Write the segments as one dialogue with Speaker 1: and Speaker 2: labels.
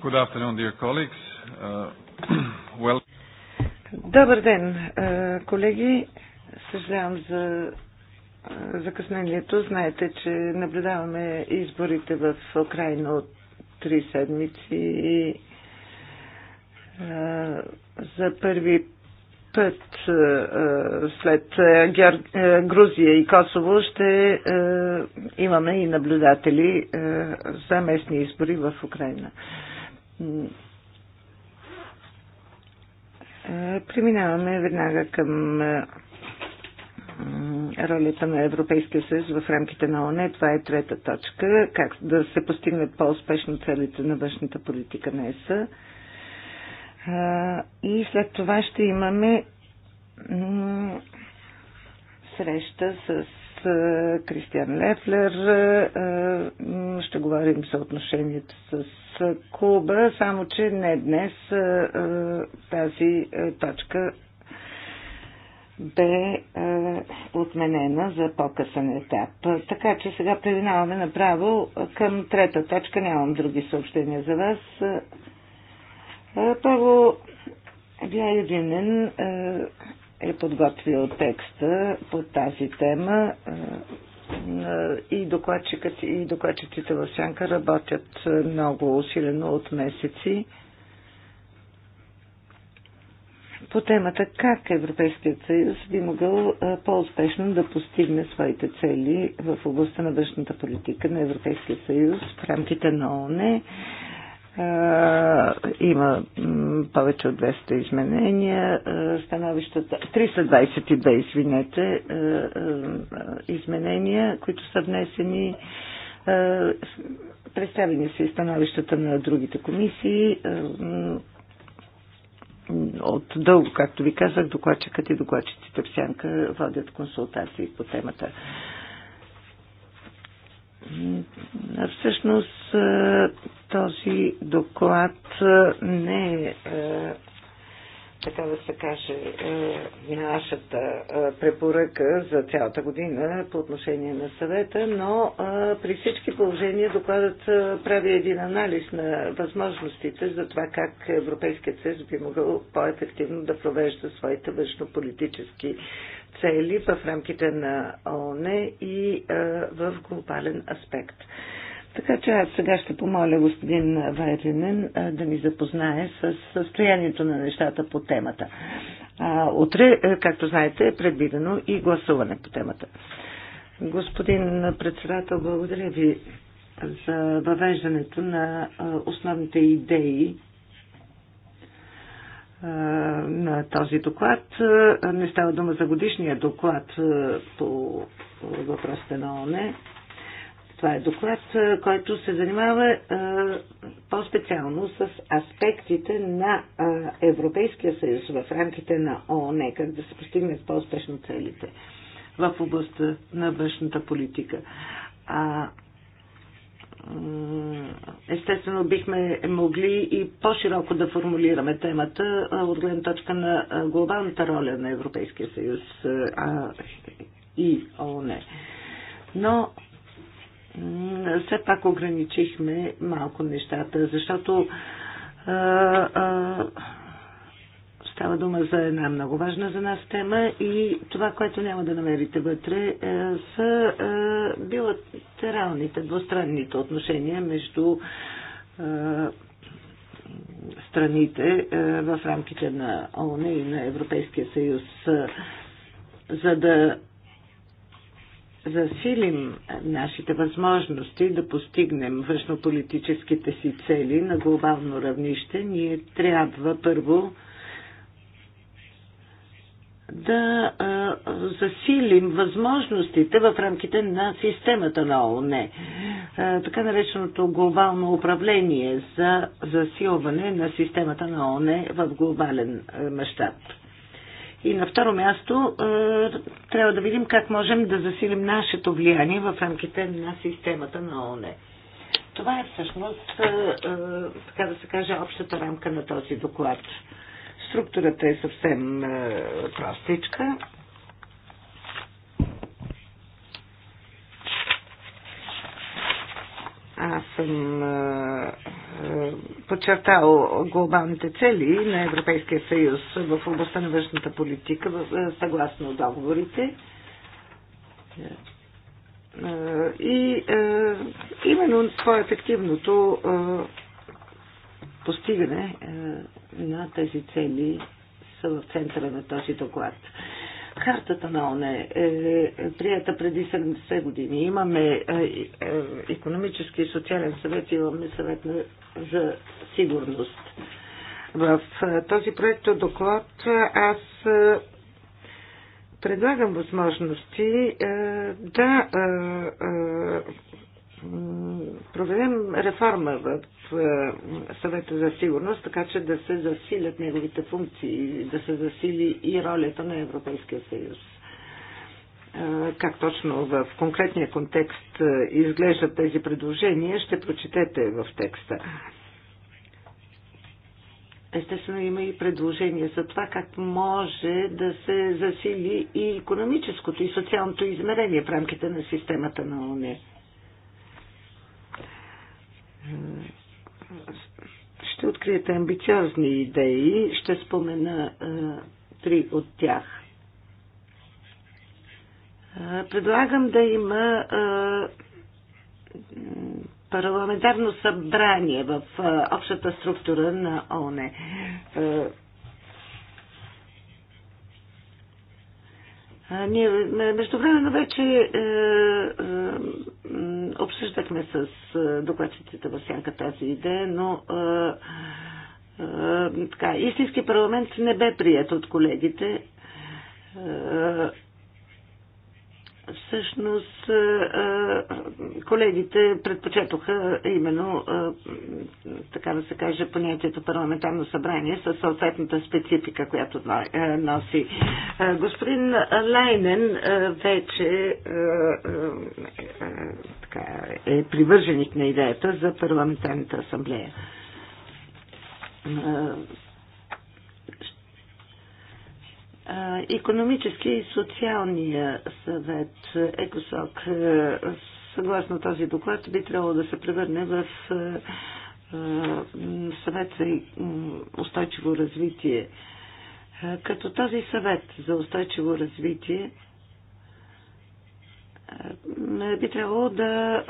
Speaker 1: Good afternoon, dear colleagues. Uh, well...
Speaker 2: Добър ден, колеги. Съжалявам за закъснението. Знаете, че наблюдаваме изборите в Украина от три седмици и за първи път след Грузия и Косово ще имаме и наблюдатели за местни избори в Украина. Преминаваме веднага към ролята на Европейския съюз в рамките на ОНЕ. Това е трета точка. Как да се постигнат по-успешно целите на външната политика на ЕСА. И след това ще имаме среща с е, Кристиан Лефлер. Е, ще говорим за отношението с Куба, само че не днес е, тази точка бе отменена за по-късен етап. Така че сега преминаваме направо към трета точка. Нямам други съобщения за вас. Първо, Бя Юдинен е подготвил текста по тази тема е, и докладчикът и докладчиците в Сянка работят е, много усилено от месеци по темата как Европейският съюз би могъл е, по-успешно да постигне своите цели в областта на външната политика на Европейския съюз в рамките на ОНЕ има повече от 200 изменения. Становищата 322, извинете, изменения, които са внесени. Представени са и становищата на другите комисии. От дълго, както ви казах, докладчикът и докладчиците в Сянка водят консултации по темата. Всъщност този доклад не е, е, така да се каже, е, нашата е, препоръка за цялата година по отношение на съвета, но при всички положения докладът прави един анализ на възможностите за това как Европейският съюз би могъл по-ефективно да провежда своите външнополитически цели в рамките на ООН и в глобален аспект. Така че аз сега ще помоля господин Вайринен да ни запознае с състоянието на нещата по темата. А, утре, е, както знаете, е предвидено и гласуване по темата. Господин председател, благодаря ви за въвеждането на основните идеи на този доклад. Не става дума за годишния доклад по въпросите на ОНЕ. Това е доклад, който се занимава по-специално с аспектите на Европейския съюз в рамките на ООН, как да се постигнат по-успешно целите в областта на външната политика. А, естествено бихме могли и по-широко да формулираме темата от гледна точка на глобалната роля на Европейския съюз а, и ООН. Но все пак ограничихме малко нещата, защото а, а, става дума за една много важна за нас тема и това, което няма да намерите вътре, е, са е, билатералните, двустранните отношения между е, страните в рамките на ООН и на Европейския съюз. За да засилим нашите възможности да постигнем външнополитическите си цели на глобално равнище, ние трябва първо да а, засилим възможностите в рамките на системата на ООН, а, така нареченото глобално управление за засилване на системата на ООН в глобален мащаб. И на второ място е, трябва да видим как можем да засилим нашето влияние в рамките на системата на ОНЕ. Това е всъщност, е, е, така да се каже, общата рамка на този доклад. Структурата е съвсем простичка. Аз съм подчертал глобалните цели на Европейския съюз в областта на външната политика съгласно договорите. И именно е ефективното постигане на тези цели са в центъра на този доклад. Хартата на ОНЕ е, е прията преди 70 години. Имаме е, е, економически и социален съвет, имаме съвет за сигурност. В този проект доклад аз предлагам възможности да проведем реформа в е, съвета за сигурност, така че да се засилят неговите функции, да се засили и ролята на Европейския съюз. Е, как точно в конкретния контекст е, изглеждат тези предложения, ще прочетете в текста. Естествено има и предложения за това как може да се засили и економическото и социалното измерение в рамките на системата на ОНЕ ще откриете амбициозни идеи. Ще спомена три от тях. Предлагам да има парламентарно събрание в общата структура на ОНЕ. Ние времено вече е, е, обсъждахме с докладчиците в сянка тази идея, но така, истински парламент не бе прият от колегите всъщност е, е, колегите предпочетоха именно, е, така да се каже, понятието парламентарно събрание с съответната специфика, която носи. Господин Лайнен вече така, е привърженик на идеята за парламентарната асамблея Економическия и социалния съвет ЕКОСОК съгласно този доклад би трябвало да се превърне в съвет за устойчиво развитие. Като този съвет за устойчиво развитие е, би трябвало да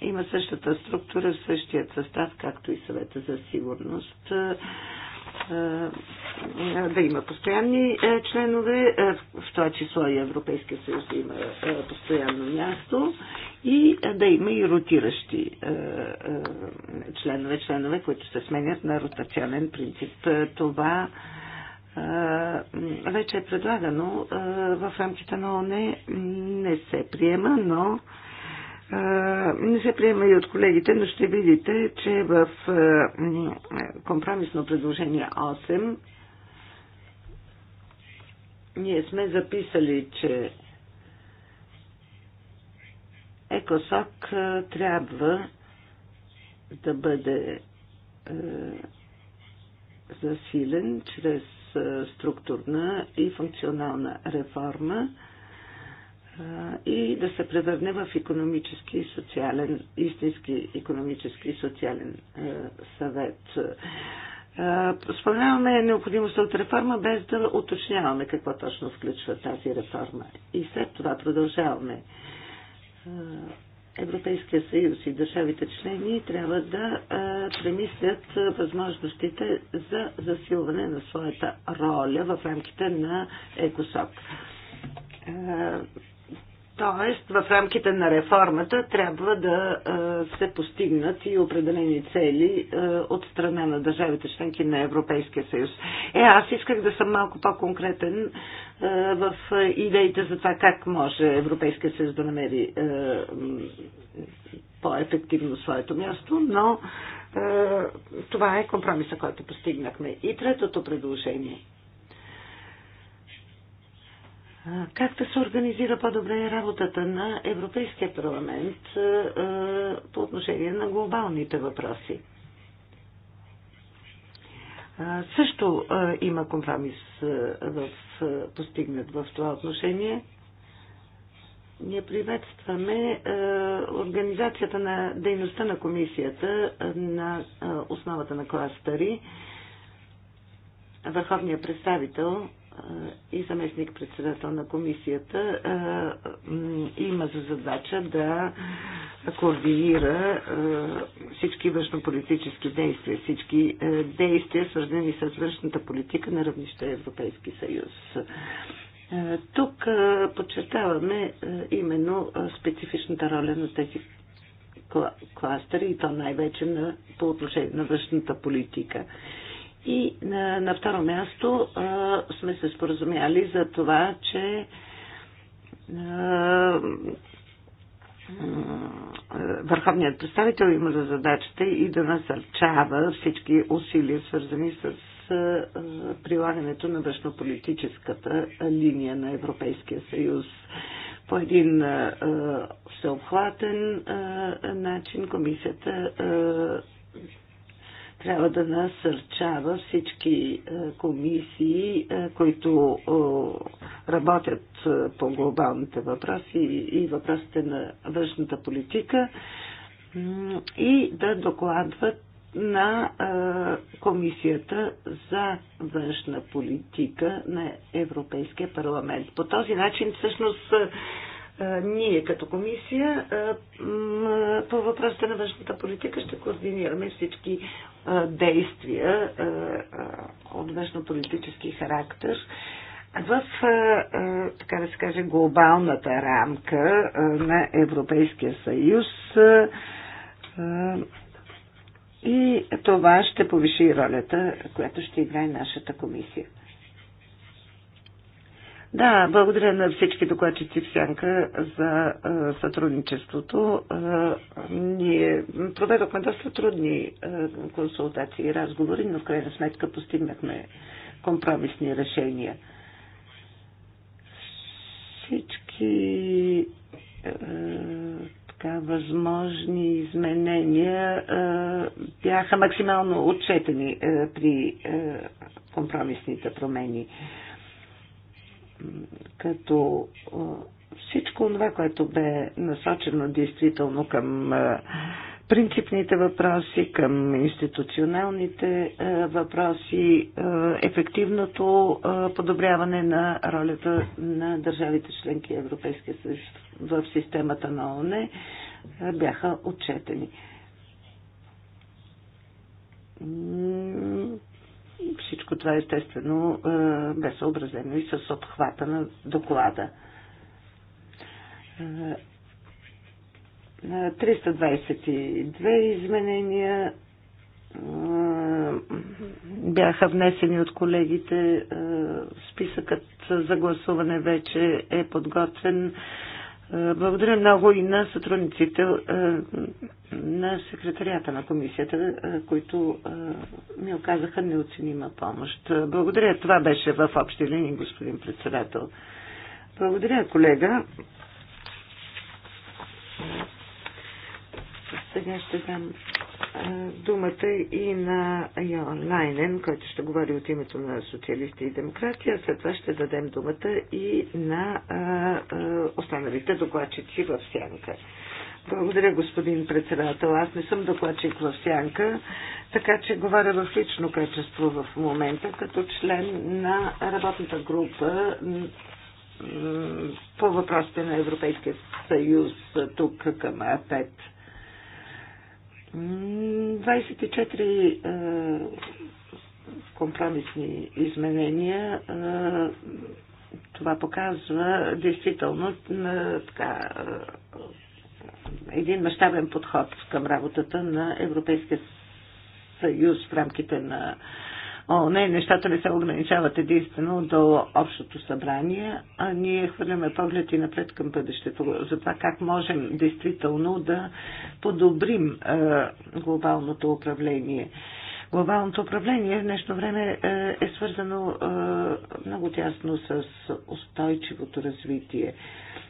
Speaker 2: има същата структура, същият състав, както и съвета за сигурност е, да има постоянни е, членове, е, в това число и Европейския съюз да има постоянно място и да има и ротиращи членове, членове, които се сменят на ротационен принцип. Това вече е предлагано в рамките на ОНЕ, не се приема, но не се приема и от колегите, но ще видите, че в компромисно предложение 8 ние сме записали, че ЕКОСОК трябва да бъде засилен чрез структурна и функционална реформа и да се превърне в економически и социален, истински економически и социален съвет. Споменаваме необходимостта от реформа, без да уточняваме какво точно включва тази реформа. И след това продължаваме. Европейския съюз и държавите члени трябва да премислят възможностите за засилване на своята роля в рамките на ЕКОСОК. Тоест, в рамките на реформата трябва да се постигнат и определени цели от страна на държавите членки на Европейския съюз. Е, аз исках да съм малко по-конкретен в идеите за това как може Европейския съюз да намери по-ефективно своето място, но това е компромиса, който постигнахме. И третото предложение – как да се организира по-добре работата на Европейския парламент по отношение на глобалните въпроси? Също има компромис в, постигнат в това отношение. Ние приветстваме организацията на дейността на комисията на основата на кластъри. Върховният представител и заместник председател на комисията има за задача да координира всички външнополитически действия, всички действия, свързани с външната политика на равнище Европейски съюз. Тук подчертаваме именно специфичната роля на тези кластери и то най-вече на, по отношение на външната политика. И на, на второ място а, сме се споразумяли за това, че върховният представител има за задачата и да насърчава всички усилия, свързани с прилагането на външнополитическата линия на Европейския съюз. По един всеобхватен начин комисията трябва да насърчава всички е, комисии, е, които е, работят по глобалните въпроси и въпросите на външната политика и да докладват на Комисията за външна политика на Европейския парламент. По този начин всъщност ние като комисия по въпросите на външната политика ще координираме всички действия от външно-политически характер в, така да се каже, глобалната рамка на Европейския съюз и това ще повиши ролята, която ще играе нашата комисия. Да, благодаря на всички докладчици в Сянка за а, сътрудничеството. А, ние проведохме доста трудни а, консултации и разговори, но в крайна сметка постигнахме компромисни решения. Всички а, така, възможни изменения а, бяха максимално отчетени а, при а, компромисните промени. А, като всичко това, което бе насочено действително към принципните въпроси, към институционалните въпроси, ефективното подобряване на ролята на държавите членки Европейския съюз в системата на ООН бяха отчетени всичко това естествено е, бе съобразено и с обхвата на доклада. 322 е, е, изменения бяха внесени от колегите. Списъкът за гласуване вече е подготвен. Благодаря много и на сътрудниците е, на секретарията на комисията, е, които е, ми оказаха неоценима помощ. Благодаря. Това беше в общи линии, господин председател. Благодаря, колега. Сега ще дам думата и на Йоан Лайнен, който ще говори от името на социалисти и демократи, а след това ще дадем думата и на а, а, останалите докладчици в сянка. Благодаря, господин председател. Аз не съм докладчик в сянка, така че говоря в лично качество в момента, като член на работната група по въпросите на Европейския съюз тук към А5. 24 е, компромисни изменения. Е, това показва действително е, така, един мащабен подход към работата на Европейския съюз в рамките на О, не, нещата не се ограничават единствено до общото събрание, а ние хвърляме поглед и напред към бъдещето за това как можем действително да подобрим е, глобалното управление. Глобалното управление в днешно време е, е свързано е, много тясно с устойчивото развитие.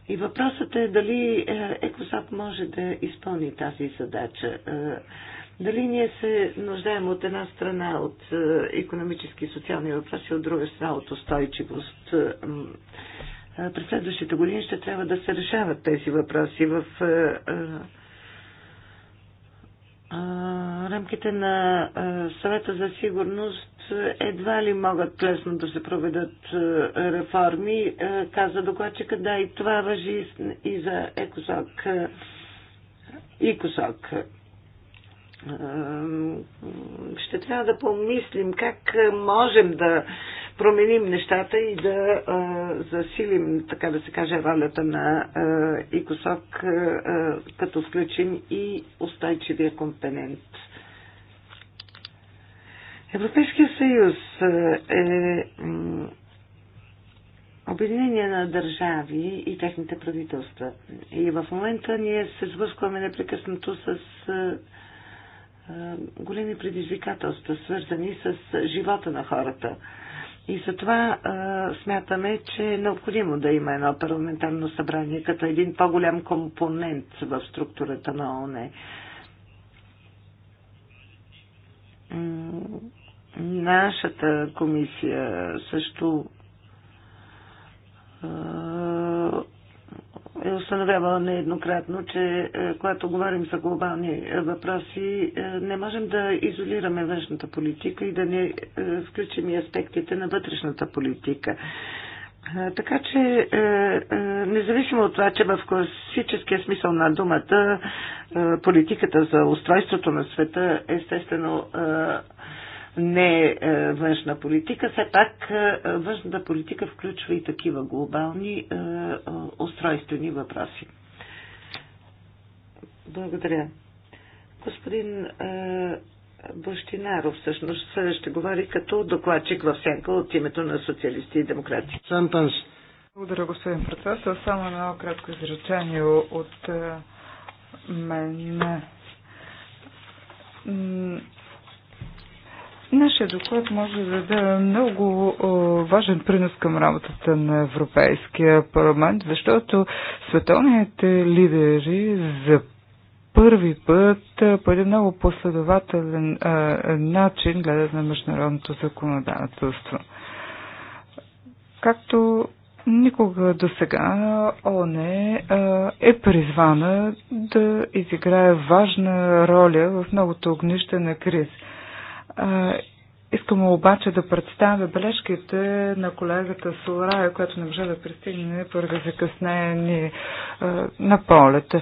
Speaker 2: И въпросът е дали е, ЕКОСАП може да изпълни тази задача. Дали ние се нуждаем от една страна от економически и социални въпроси, от друга страна от устойчивост? Е, е, през следващите години ще трябва да се решават тези въпроси в е, рамките на съвета за сигурност едва ли могат лесно да се проведат реформи, каза докладчика. Да, и това въжи и за ЕКОСОК. ИКОСОК ще трябва да помислим как можем да променим нещата и да засилим, така да се каже, ролята на ИКОСОК, като включим и устойчивия компонент. Европейския съюз е обединение на държави и техните правителства. И в момента ние се сблъскваме непрекъснато с големи предизвикателства, свързани с живота на хората. И затова а, смятаме, че е необходимо да има едно парламентарно събрание като един по-голям компонент в структурата на ОНЕ. Нашата комисия също установявала е, нееднократно, че е, когато говорим за глобални е, въпроси, не можем да изолираме външната политика и да не включим и аспектите на вътрешната политика. Така че, независимо от това, че в класическия смисъл на думата, политиката за устройството на света, естествено, не е, е външна политика, все пак е, е, външната политика включва и такива глобални устройствени въпроси. Благодаря. Господин Бощинаров всъщност ще говори като докладчик в сенка от името на социалисти и демократи. Благодаря, господин председател. Само едно
Speaker 3: кратко изречение от мен. Нашия доклад може да даде много важен принос към работата на Европейския парламент, защото световните лидери за първи път по един много последователен а, начин гледат на международното законодателство. Както никога до сега ОНЕ е призвана да изиграе важна роля в многото огнище на криз. Искам обаче да представя бележките на колегата Сурая, която не може да пристигне поради закъснение на полета.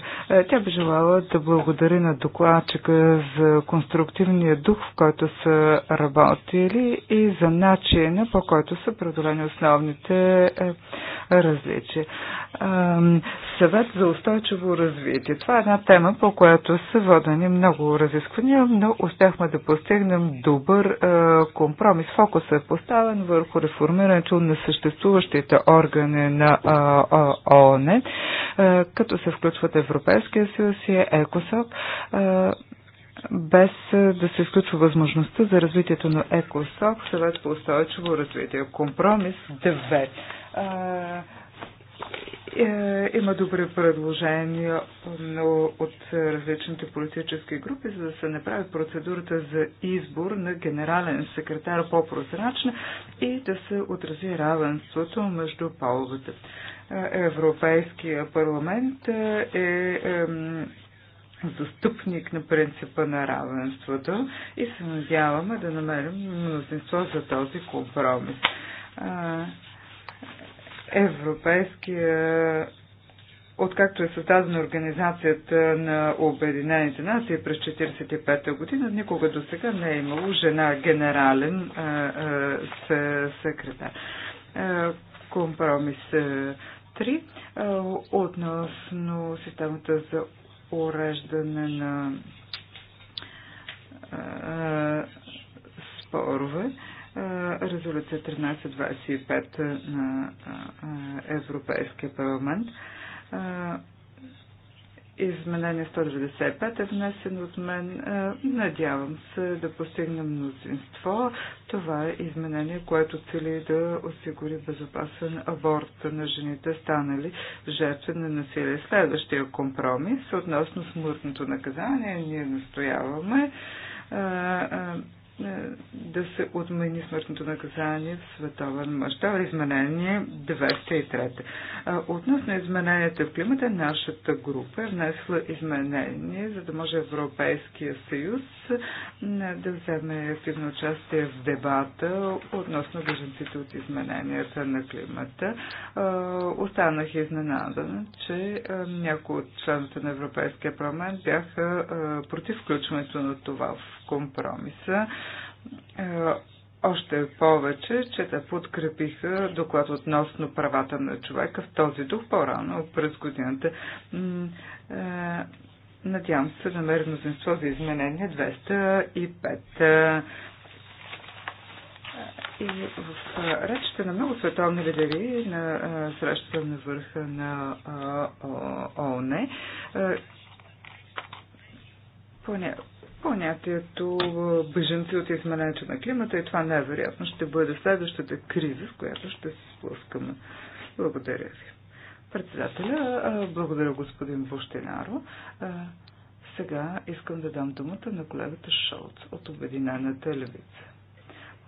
Speaker 3: Тя би желала да благодари на докладчика за конструктивния дух, в който са работили и за начина, по който са преодолени основните различие. Съвет за устойчиво развитие. Това е една тема, по която са водени много разисквания, но успяхме да постигнем добър компромис. Фокусът е поставен върху реформирането на съществуващите органи на ООН, като се включват Европейския съюз и ЕКОСОК без е, да се изключва възможността за развитието на ЕКОСОК, съвет по устойчиво развитие. Компромис 2. Е, има добри предложения но от различните политически групи, за да се направи процедурата за избор на генерален секретар по-прозрачна и да се отрази равенството между половете. Е, Европейския парламент е застъпник на принципа на равенството и се надяваме да намерим мнозинство за този компромис. Европейския Откакто е създадена Организацията на Обединените нации през 1945 та година, никога до сега не е имало жена генерален а, а, секретар. А, компромис 3 а, относно системата за уреждане на спорове. Резолюция 1325 на Европейския парламент Изменение 195 е внесен от мен. Е, надявам се да постигна мнозинство. Това е изменение, което цели да осигури безопасен аборт на жените, станали жертви на насилие. Следващия компромис относно смъртното наказание ние настояваме е, е, е, да се отмени смъртното наказание в световен мащаб. Изменение 203. Относно измененията в климата, нашата група е внесла изменение, за да може Европейския съюз е, да вземе активно участие в дебата относно беженците от измененията на климата. Останах изненадана, че някои от членовете на Европейския парламент бяха против включването на това в компромиса. Още повече, че те подкрепиха доклад относно правата на човека в този дух по-рано през годината. Надявам се да намеря мнозинство за изменение 205. И в речите на много световни лидери на срещата на върха на ОНЕ поне понятието беженци от изменението на климата и това най-вероятно ще бъде следващата криза, с която ще се сблъскаме. Благодаря ви. Председателя, благодаря господин Бощинаро. Сега искам да дам думата на колегата Шолц от Обединената левица.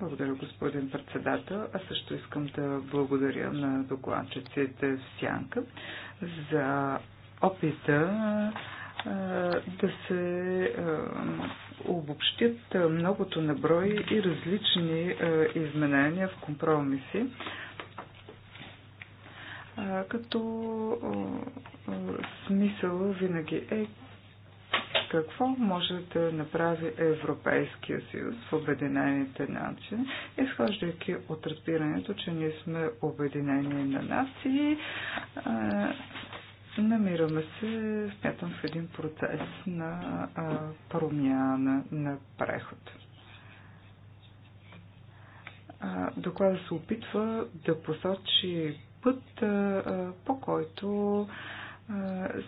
Speaker 3: Благодаря, господин председател. Аз също искам да благодаря на докладчиците в Сянка за опита да се обобщят многото наброи и различни изменения в компромиси, като смисъл винаги е какво може да направи Европейския съюз в Обединените нации, изхождайки от разбирането, че ние сме Обединени на нации Намираме се, смятам, в един процес на а, промяна, на преход. А, доклада се опитва да посочи път, а, по който а,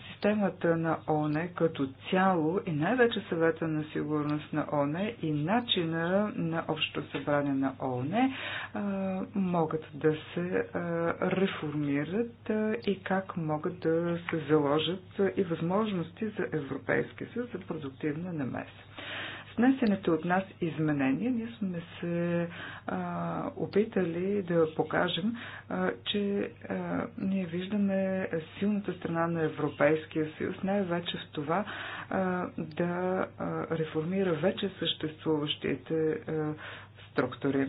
Speaker 3: системата на ОНЕ като цяло и най-вече съвета на сигурност на ОНЕ и начина на общото събрание на ОНЕ могат да се реформират и как могат да се заложат и възможности за Европейски съюз за продуктивна намеса внесените от нас изменения ние сме се а, опитали да покажем, а, че а, ние виждаме силната страна на Европейския съюз, най-вече в това а, да а, реформира вече съществуващите а, структури.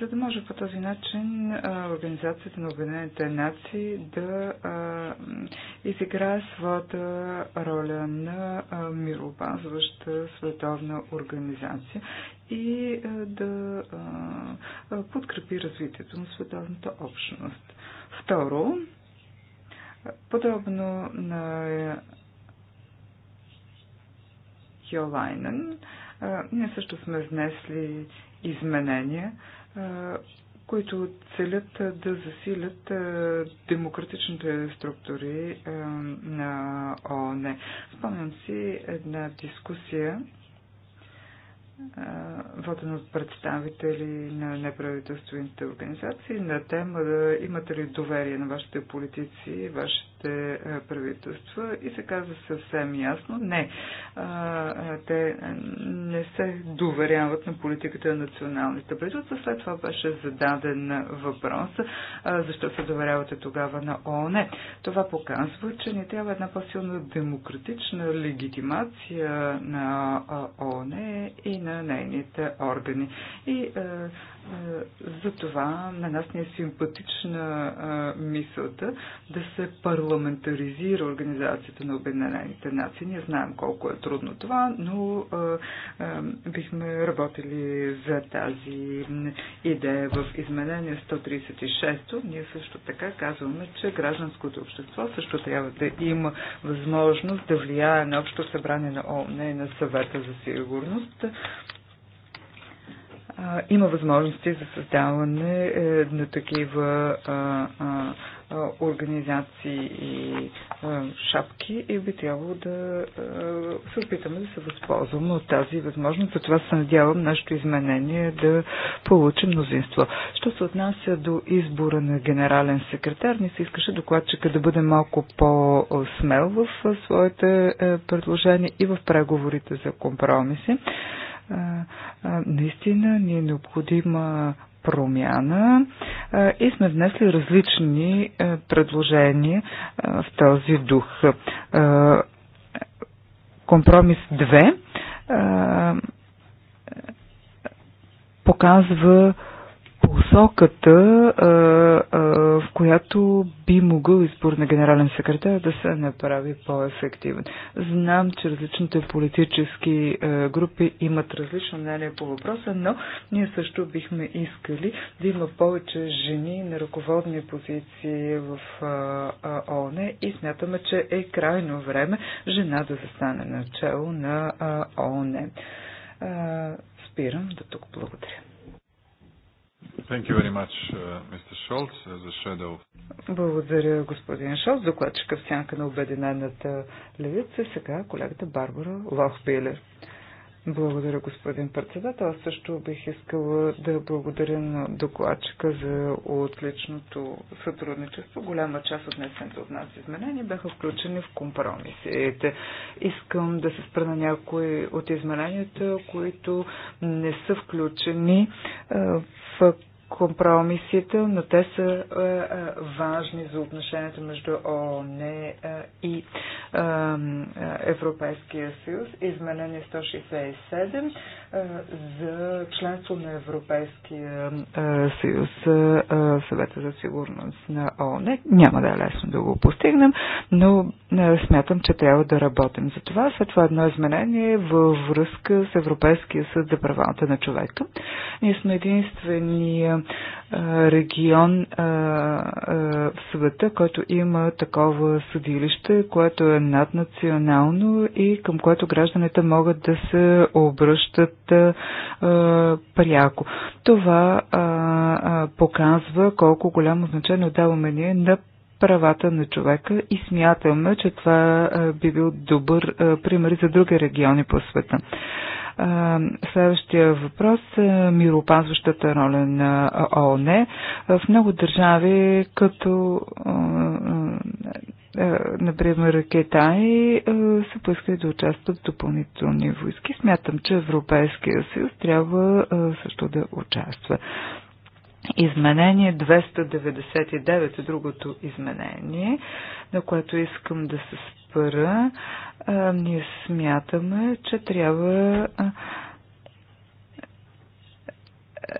Speaker 3: за да може по този начин Организацията на Обединените нации да изиграе своята роля на мирообазваща световна организация и да подкрепи развитието на световната общност. Второ, подобно на Йолайнен, ние също сме внесли изменения, които целят да засилят демократичните структури на ООН. Спомням си една дискусия, водена от представители на неправителствените организации на тема да имате ли доверие на вашите политици, вашите нашите е, правителства и се казва съвсем ясно, не, е, е, те не се доверяват на политиката на националните правителства. След това беше зададен въпрос, защо се доверявате тогава на ООН. Това показва, че ни трябва една по-силна демократична легитимация на ООН и на нейните органи. И е, Затова на нас не е симпатична е, мисълта да се парламентаризира Организацията на Обединените нации. Ние знаем колко е трудно това, но а, е, а, бихме работили за тази идея в изменение 136. Ние също така казваме, че гражданското общество също трябва да има възможност да влияе на Общо събрание на ООН и на съвета за сигурност има възможности за създаване е, на такива организации и шапки и би трябвало да се опитаме да се възползваме от тази възможност. Затова се надявам нашето изменение да получи мнозинство. Що се отнася до избора на генерален секретар, ни се искаше докладчика да бъде малко по-смел в своите е, предложения и в преговорите за компромиси наистина ни е необходима промяна и сме внесли различни е, предложения в този дух. Компромис 2 показва посоката, в която би могъл избор на генерален секретар да се направи по-ефективен. Знам, че различните политически групи имат различно мнение по въпроса, но ние също бихме искали да има повече жени на ръководни позиции в ООН и смятаме, че е крайно време жена да застане начало на ООН. Спирам до тук. Благодаря. Uh, uh, благодаря, господин Шолц, докладчика в сянка на Обединената левица. Сега колегата Барбара
Speaker 2: Лохбилер.
Speaker 3: Благодаря, господин председател. Аз също бих искала да благодаря на докладчика за отличното сътрудничество. Голяма част от днесните от нас изменения бяха включени в компромисите. Искам да се спра на някои от измененията, които не са включени в компромисите, но те са а, е, е, важни за отношенията между ООН е, и а, Европейския съюз. Изменение 167 а, за членство на Европейския а, съюз, а, съвета за сигурност на ООН. Няма да е лесно да го постигнем, но а, смятам, че трябва да работим за това. След това едно изменение във връзка с Европейския съд за правата на човека. Ние сме единствения регион в света, който има такова съдилище, което е наднационално и към което гражданите могат да се обръщат пряко. Това показва колко голямо значение отдаваме ние на правата на човека и смятаме, че това би бил добър пример за други региони по света. Следващия въпрос е мироопазващата роля на ООН. В много държави, като например Китай, се поиска да участват допълнителни войски. Смятам, че Европейския съюз трябва също да участва. Изменение 299 е другото изменение, на което искам да се спра. А, ние смятаме, че трябва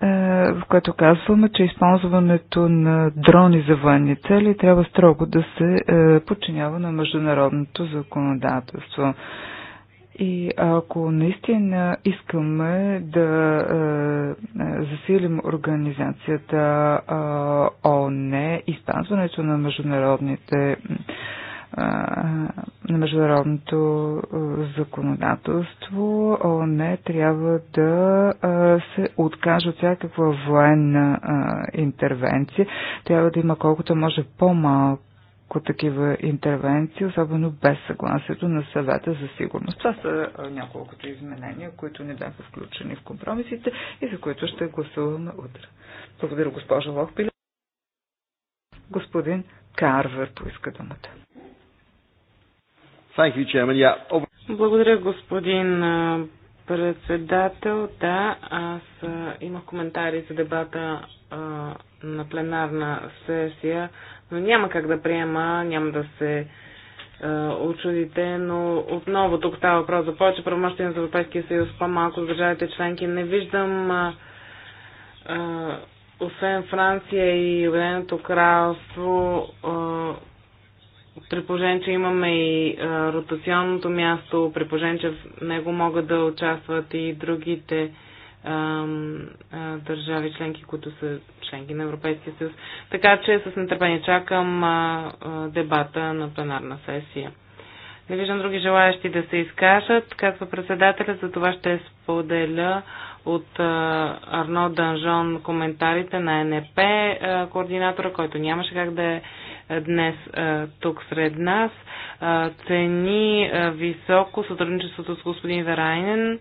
Speaker 3: а, в което казваме, че използването на дрони за военни цели трябва строго да се е, подчинява на международното законодателство. И ако наистина искаме да е, е, засилим организацията е, ООН и спазването на международните на международното законодателство ООН трябва да се откаже от всякаква военна интервенция. Трябва да има колкото може по-малко малко такива интервенции, особено без съгласието на съвета за сигурност. Това са няколкото изменения, които не бяха включени в компромисите и за които ще гласуваме утре. Благодаря, госпожа Лохпиле. Господин Карвер поиска думата.
Speaker 4: Благодаря, господин Председател, да, аз имах коментари за дебата а, на пленарна сесия, но няма как да приема, няма да се а, очудите, но отново тук става въпрос за повече правомощия за Европейския съюз, по-малко за държавите членки. Не виждам, а, а, освен Франция и Обединеното кралство, а, при положение, че имаме и а, ротационното място, при положение, че в него могат да участват и другите а, а, държави членки, които са членки на Европейския съюз. Така че с нетърпение чакам а, а, дебата на пленарна сесия. Не виждам други желаящи да се изкажат, казва председателя, за това ще споделя от Арно Данжон коментарите на НП, координатора, който нямаше как да е днес тук сред нас. Цени високо сътрудничеството с господин Верайнен.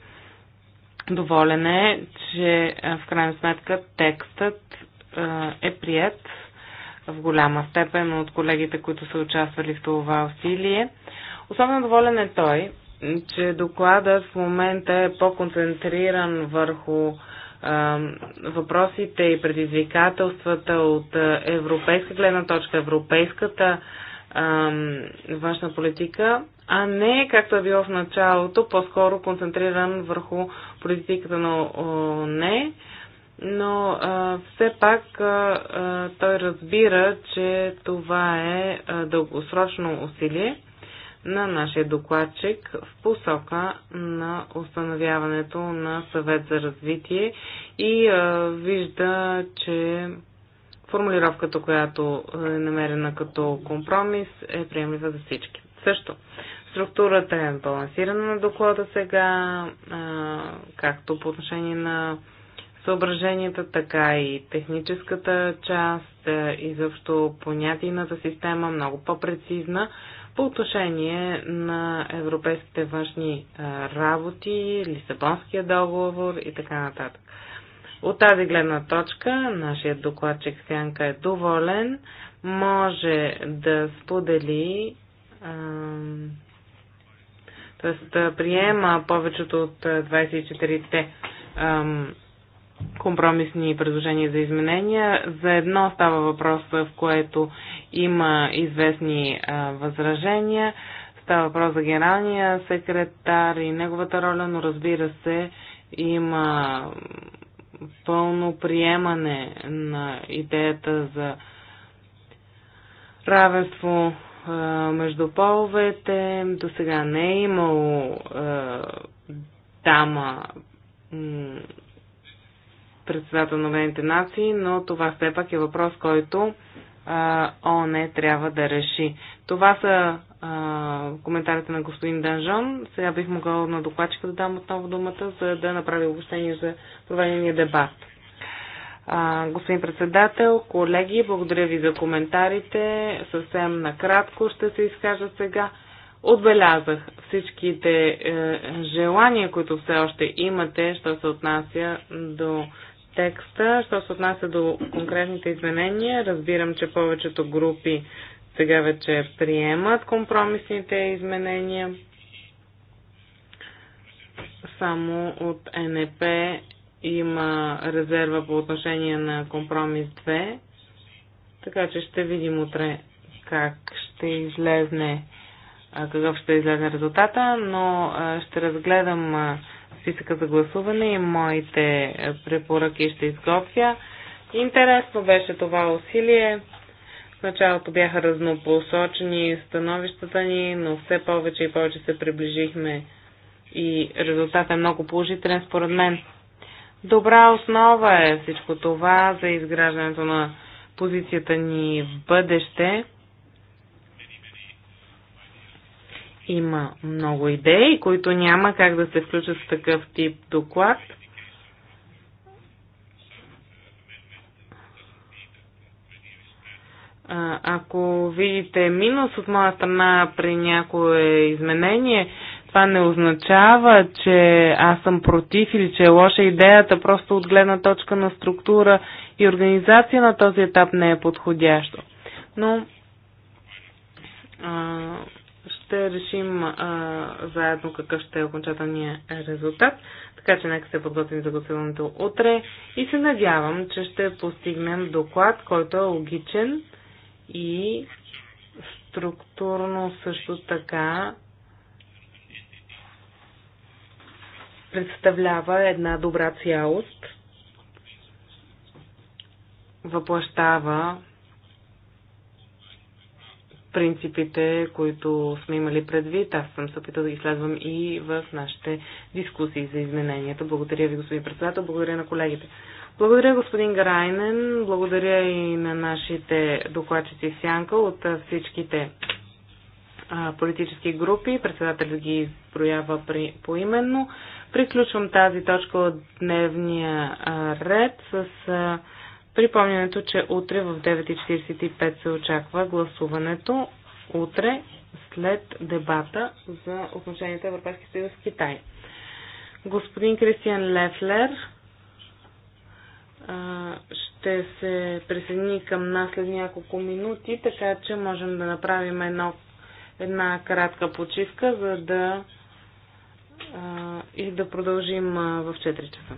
Speaker 4: Доволен е, че в крайна сметка текстът е прият в голяма степен от колегите, които са участвали в това усилие. Особено доволен е той, че докладът в момента е по-концентриран върху въпросите и предизвикателствата от европейска гледна точка, европейската външна политика, а не, както е било в началото, по-скоро концентриран върху политиката на ОНЕ, но все пак той разбира, че това е дългосрочно усилие на нашия докладчик в посока на установяването на съвет за развитие и а, вижда, че формулировката, която е намерена като компромис, е приемлива за всички. Също, структурата е балансирана на доклада сега, а, както по отношение на съображенията, така и техническата част, изобщо понятийната система, много по-прецизна, по отношение на европейските външни работи, Лисабонския договор и така нататък. От тази гледна точка, нашия докладчик Сянка е доволен, може да сподели, т.е. да приема повечето от 24-те компромисни предложения за изменения. За едно става въпрос, в което има известни възражения. Става въпрос за генералния секретар и неговата роля, но разбира се, има пълно приемане на идеята за равенство между половете. До сега не е имало дама председател на Обединените нации, но това все пак е въпрос, който ООН трябва да реши. Това са а, коментарите на господин Данжон. Сега бих могъл на докладчика да дам отново думата, за да направи обобщение за проведения дебат. А, господин председател, колеги, благодаря ви за коментарите. Съвсем накратко ще се изкажа сега. Отбелязах всичките е, желания, които все още имате, що се отнася до текста. Що се отнася до конкретните изменения, разбирам, че повечето групи сега вече приемат компромисните изменения. Само от НП има резерва по отношение на компромис 2, така че ще видим утре как ще излезне, какъв ще излезне резултата, но ще разгледам списъка за гласуване и моите е, препоръки ще изготвя. Интересно беше това усилие. В началото бяха разнопосочени становищата ни, но все повече и повече се приближихме и резултатът е много положителен според мен. Добра основа е всичко това за изграждането на позицията ни в бъдеще. Има много идеи, които няма как да се включат в такъв тип доклад. Ако видите минус от моя страна при някое изменение, това не означава, че аз съм против или че е лоша идеята, просто от гледна точка на структура и организация на този етап не е подходящо. Но а, ще решим а, заедно какъв ще е окончателният резултат, така че нека се подготвим за гласуването утре и се надявам, че ще постигнем доклад, който е логичен и структурно също така представлява една добра цялост, въплащава принципите, които сме имали предвид. Аз съм се опитал да ги следвам и в нашите дискусии за измененията. Благодаря ви, господин председател. Благодаря на колегите. Благодаря, господин Гарайнен. Благодаря и на нашите докладчици Сянка от всичките политически групи. Председател ги проява поименно. Приключвам тази точка от дневния ред с Припомнянето, че утре в 9.45 се очаква гласуването. Утре след дебата за отношенията Европейски съюз с Китай. Господин Кристиан Лефлер ще се присъедини към нас след няколко минути, така че можем да направим едно, една кратка почивка, за да и да продължим в 4 часа.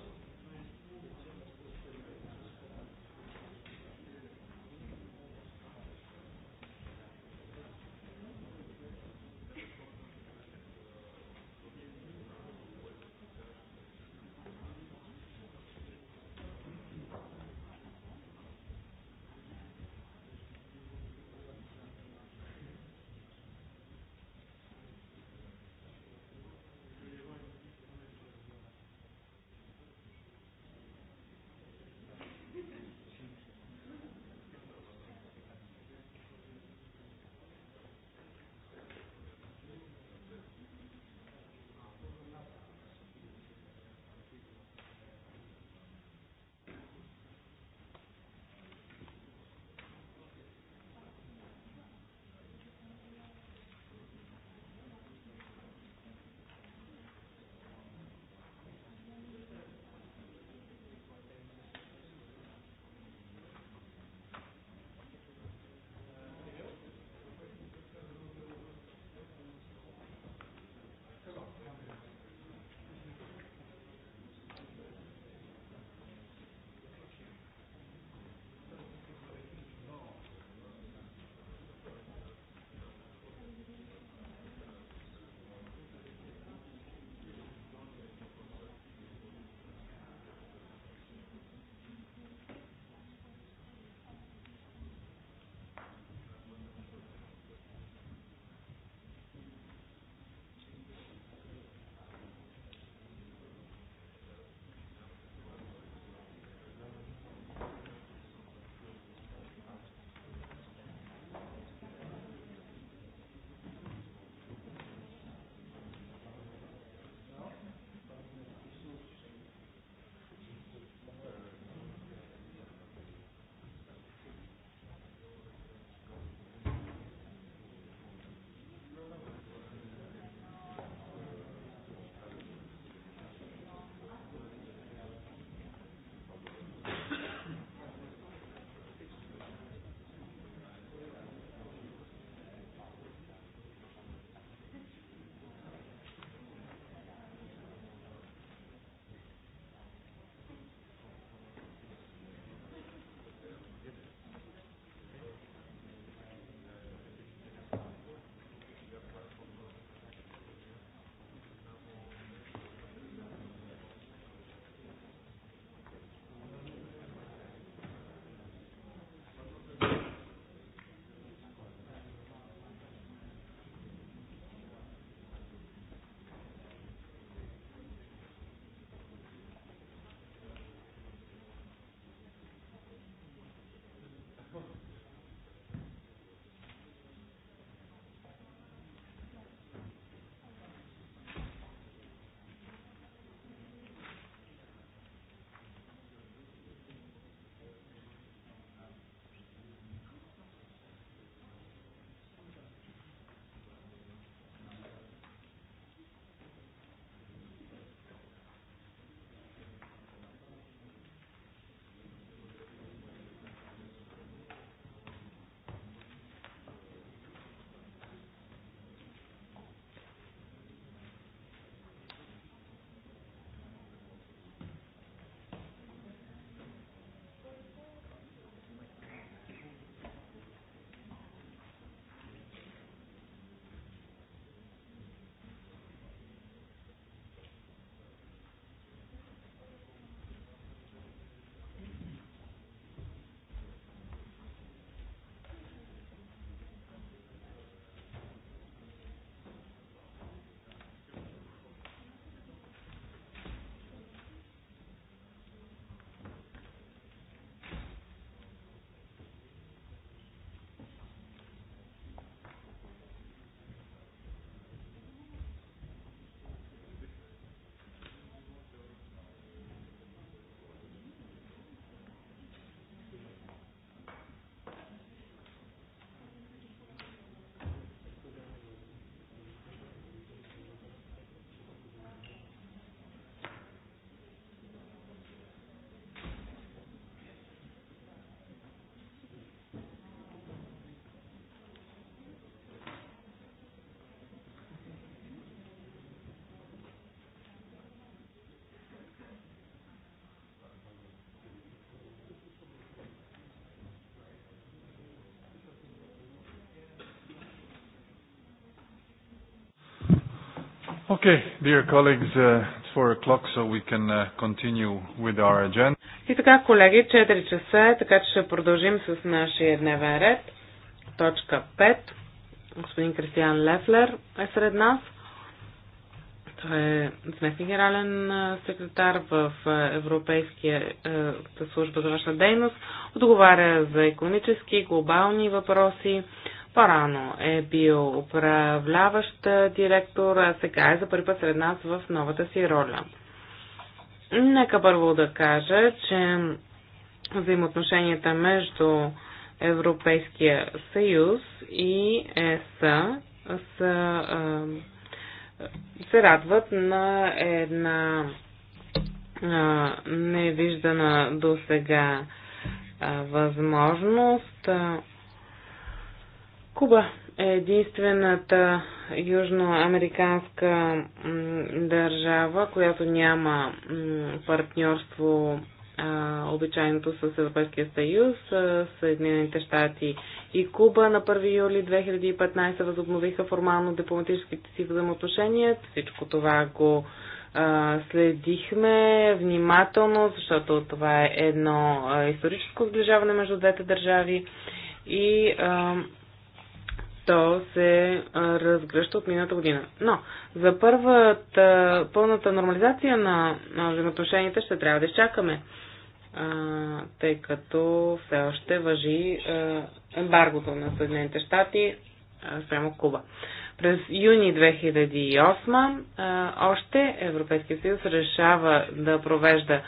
Speaker 1: Okay, dear colleagues, uh, it's four o'clock, so we can uh, continue with our agenda.
Speaker 4: И така, колеги, 4 часа е, така че ще продължим с нашия дневен ред. Точка 5. Господин Кристиан Лефлер е сред нас. Той е заместник генерален секретар в Европейския служба за външна дейност. Отговаря за економически, глобални въпроси по-рано е бил управляващ директор, а сега е за първи път сред нас в новата си роля. Нека първо да кажа, че взаимоотношенията между Европейския съюз и ЕС са, се радват на една невиждана до сега възможност Куба е единствената южноамериканска държава, която няма партньорство обичайното с Европейския съюз, Съединените щати и Куба на 1 юли 2015 възобновиха формално дипломатическите си взаимоотношения. Всичко това го следихме внимателно, защото това е едно историческо сближаване между двете държави и то се разгръща от мината година. Но за първата пълната нормализация на взаимоотношенията ще трябва да изчакаме, тъй като все още въжи ембаргото на Съединените щати спрямо Куба. През юни 2008 още Европейския съюз решава да провежда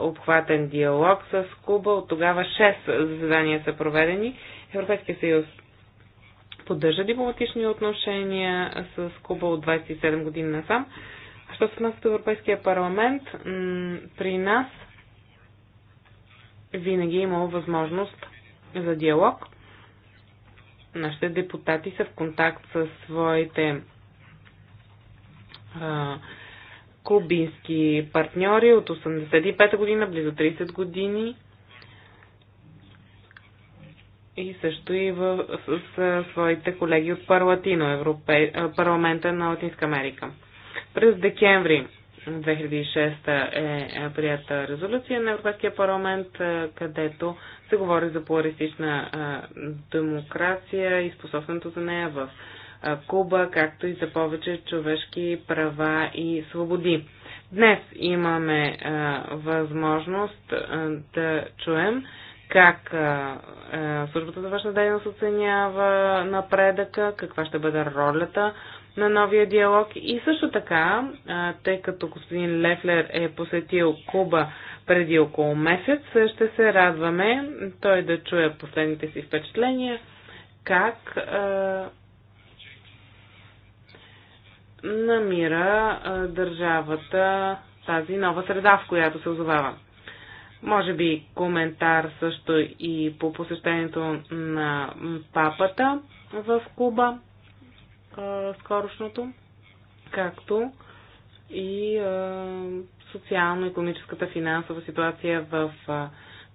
Speaker 4: обхватен диалог с Куба. От тогава 6 заседания са проведени. Европейския съюз поддържа дипломатични отношения с Куба от 27 години насам. А що се отнася до Европейския парламент, при нас винаги е имало възможност за диалог. Нашите депутати са в контакт с своите а, кубински партньори от 85 година, близо 30 години и също и в, с, с своите колеги от Парлатино, Европе, парламента на Латинска Америка. През декември 2006 е, е прията резолюция на Европейския парламент, където се говори за поларистична демокрация и способството за нея в Куба, както и за повече човешки права и свободи. Днес имаме възможност да чуем как е, службата за външна дейност оценява напредъка, каква ще бъде ролята на новия диалог и също така, е, тъй като господин Лефлер е посетил Куба преди около месец, ще се радваме той да чуе последните си впечатления, как е, намира е, държавата тази нова среда, в която се озовава. Може би коментар също и по посещението на папата в Куба, скорошното, както и социално-економическата финансова ситуация в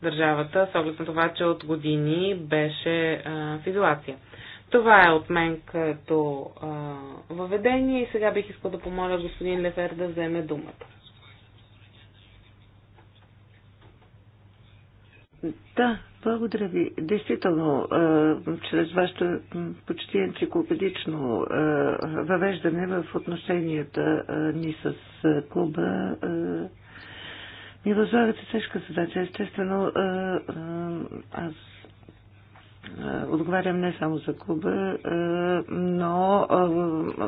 Speaker 4: държавата, с оглед на това, че от години беше в изолация. Това е от мен като а, въведение и сега бих искал да помоля господин Лефер да вземе думата.
Speaker 2: Да, благодаря ви. Действително, е, чрез вашето почти енциклопедично е, въвеждане в отношенията е, ни с клуба ми възлагате тежка задача. Естествено, аз отговарям не само за клуба, но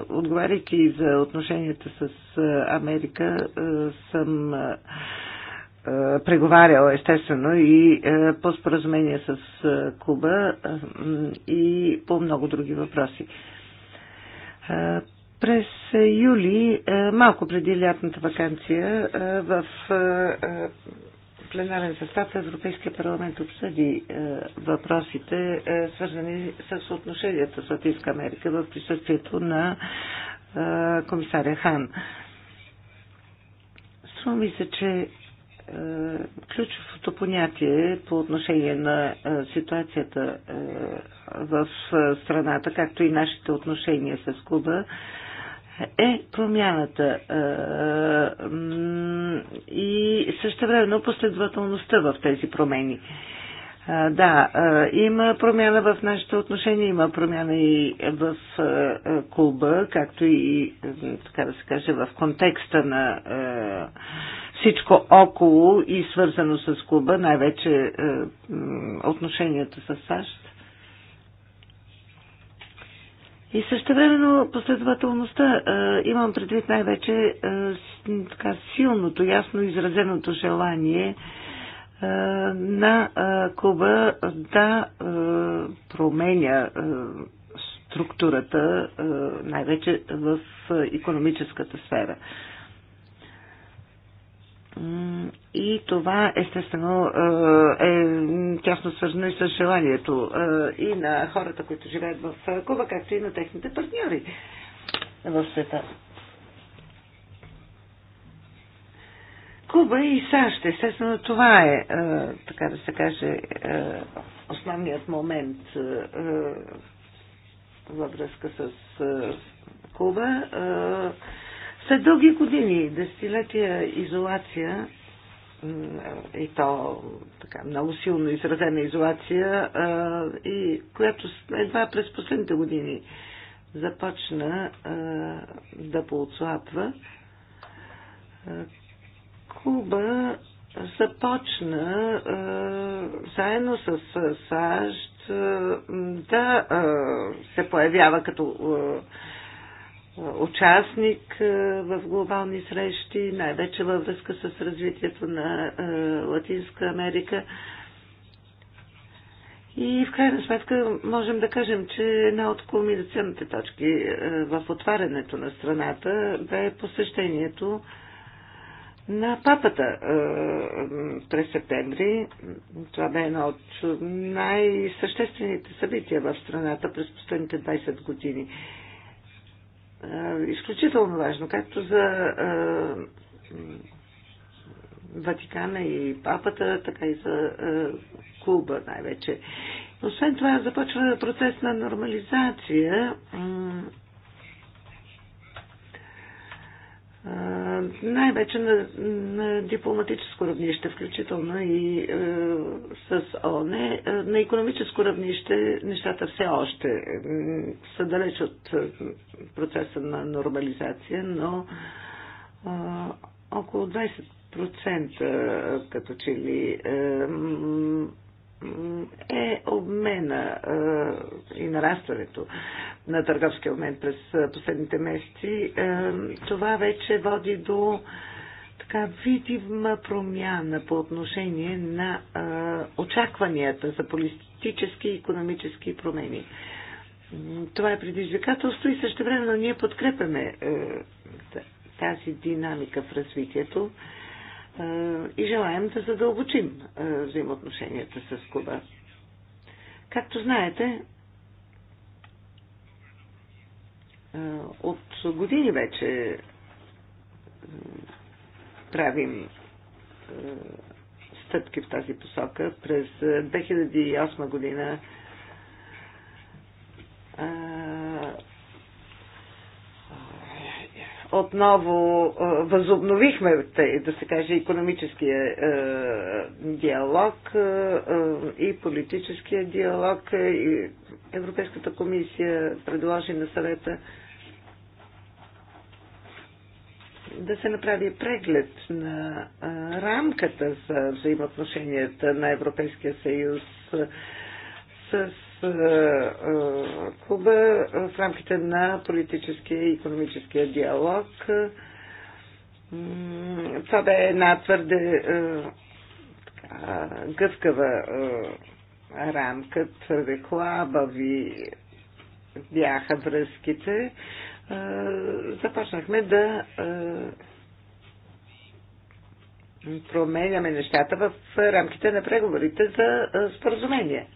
Speaker 2: отговаряйки за отношенията с Америка, съм е, преговарял естествено и е, по споразумение с е, Куба и по много други въпроси. През юли, малко преди лятната вакансия, в пленарен състав Европейския парламент обсъди въпросите, свързани с отношенията с Латинска Америка в присъствието на комисаря Хан. Струва ми се, че е, ключовото понятие по отношение на е, ситуацията е, в страната, както и нашите отношения с Куба, е промяната и също времено последователността в тези промени. Да, има промяна в нашите отношения, има промяна и в клуба, както и, така да се каже, в контекста на всичко около и свързано с клуба, най-вече отношенията с САЩ. И също времено последователността имам предвид най-вече така силното, ясно изразеното желание е, на е, Куба да е, променя структурата, най-вече в економическата сфера. И това, естествено, е тясно свързано и с желанието и на хората, които живеят в Куба, както и на техните партньори в света. Куба и САЩ. Естествено, това е, е така да се каже, е, основният момент е, във връзка с Куба. След дълги години, десетилетия изолация, и то така, много силно изразена изолация, и която едва през последните години започна да поотслабва, Куба започна е, заедно с САЩ е, да е, се появява като е, участник е, в глобални срещи, най-вече във връзка с развитието на е, Латинска Америка. И в крайна сметка можем да кажем, че една от кулминационните точки в отварянето на страната бе посещението на папата е, през септември. Това бе едно от най-съществените събития в страната през последните 20 години. Е, изключително важно, както за е, Ватикана и папата, така и за Куба най-вече. Освен това започва процес на нормализация най-вече на, на дипломатическо равнище, включително и е, с ОНЕ, На економическо равнище нещата все още е, са далеч от е, процеса на нормализация, но е, около 20% е, като че ли е, е обмена е, и нарастването на търговския обмен през е, последните месеци. Е, това вече води до така видима промяна по отношение на очакванията за политически и економически промени. Това е предизвикателство и също време ние подкрепяме тази динамика в развитието е, и желаем да задълбочим е, взаимоотношенията с Куба. Както знаете, е, от години вече правим стъпки в тази посока. През 2008 година отново възобновихме, да се каже, економическия диалог и политическия диалог. и Европейската комисия предложи на съвета да се направи преглед на а, рамката за взаимоотношенията на Европейския съюз с е, е, Куба в рамките на политическия и економическия диалог. Това бе една твърде е, гъвкава рамка, твърде хлабави бяха връзките. Започнахме да променяме нещата в рамките на преговорите за споразумение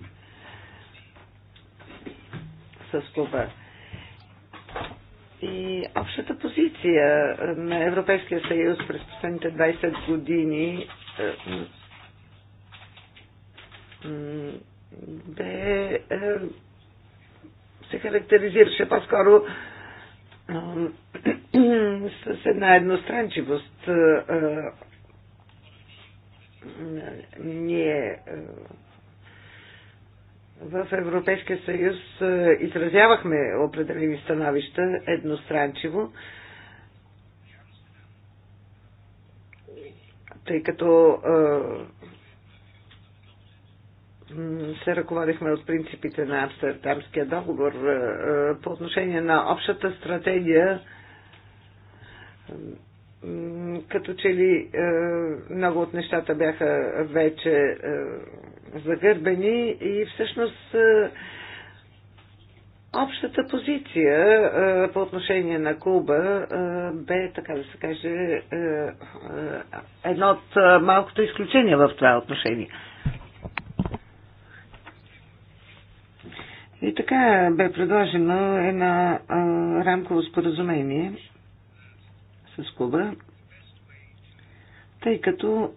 Speaker 2: с Куба. И общата позиция на Европейския съюз през последните 20 години е, бе, е, се характеризираше по-скоро е, с една едностранчивост. Ние в Европейския съюз е, изразявахме определени становища едностранчиво, тъй като е, се ръководихме от принципите на Амстердамския договор е, по отношение на общата стратегия като че ли много от нещата бяха вече загърбени и всъщност е, общата позиция е, по отношение на Куба е, бе, така да се каже, едно от малкото изключение в това отношение. И така бе предложено едно рамково споразумение с Куба, тъй като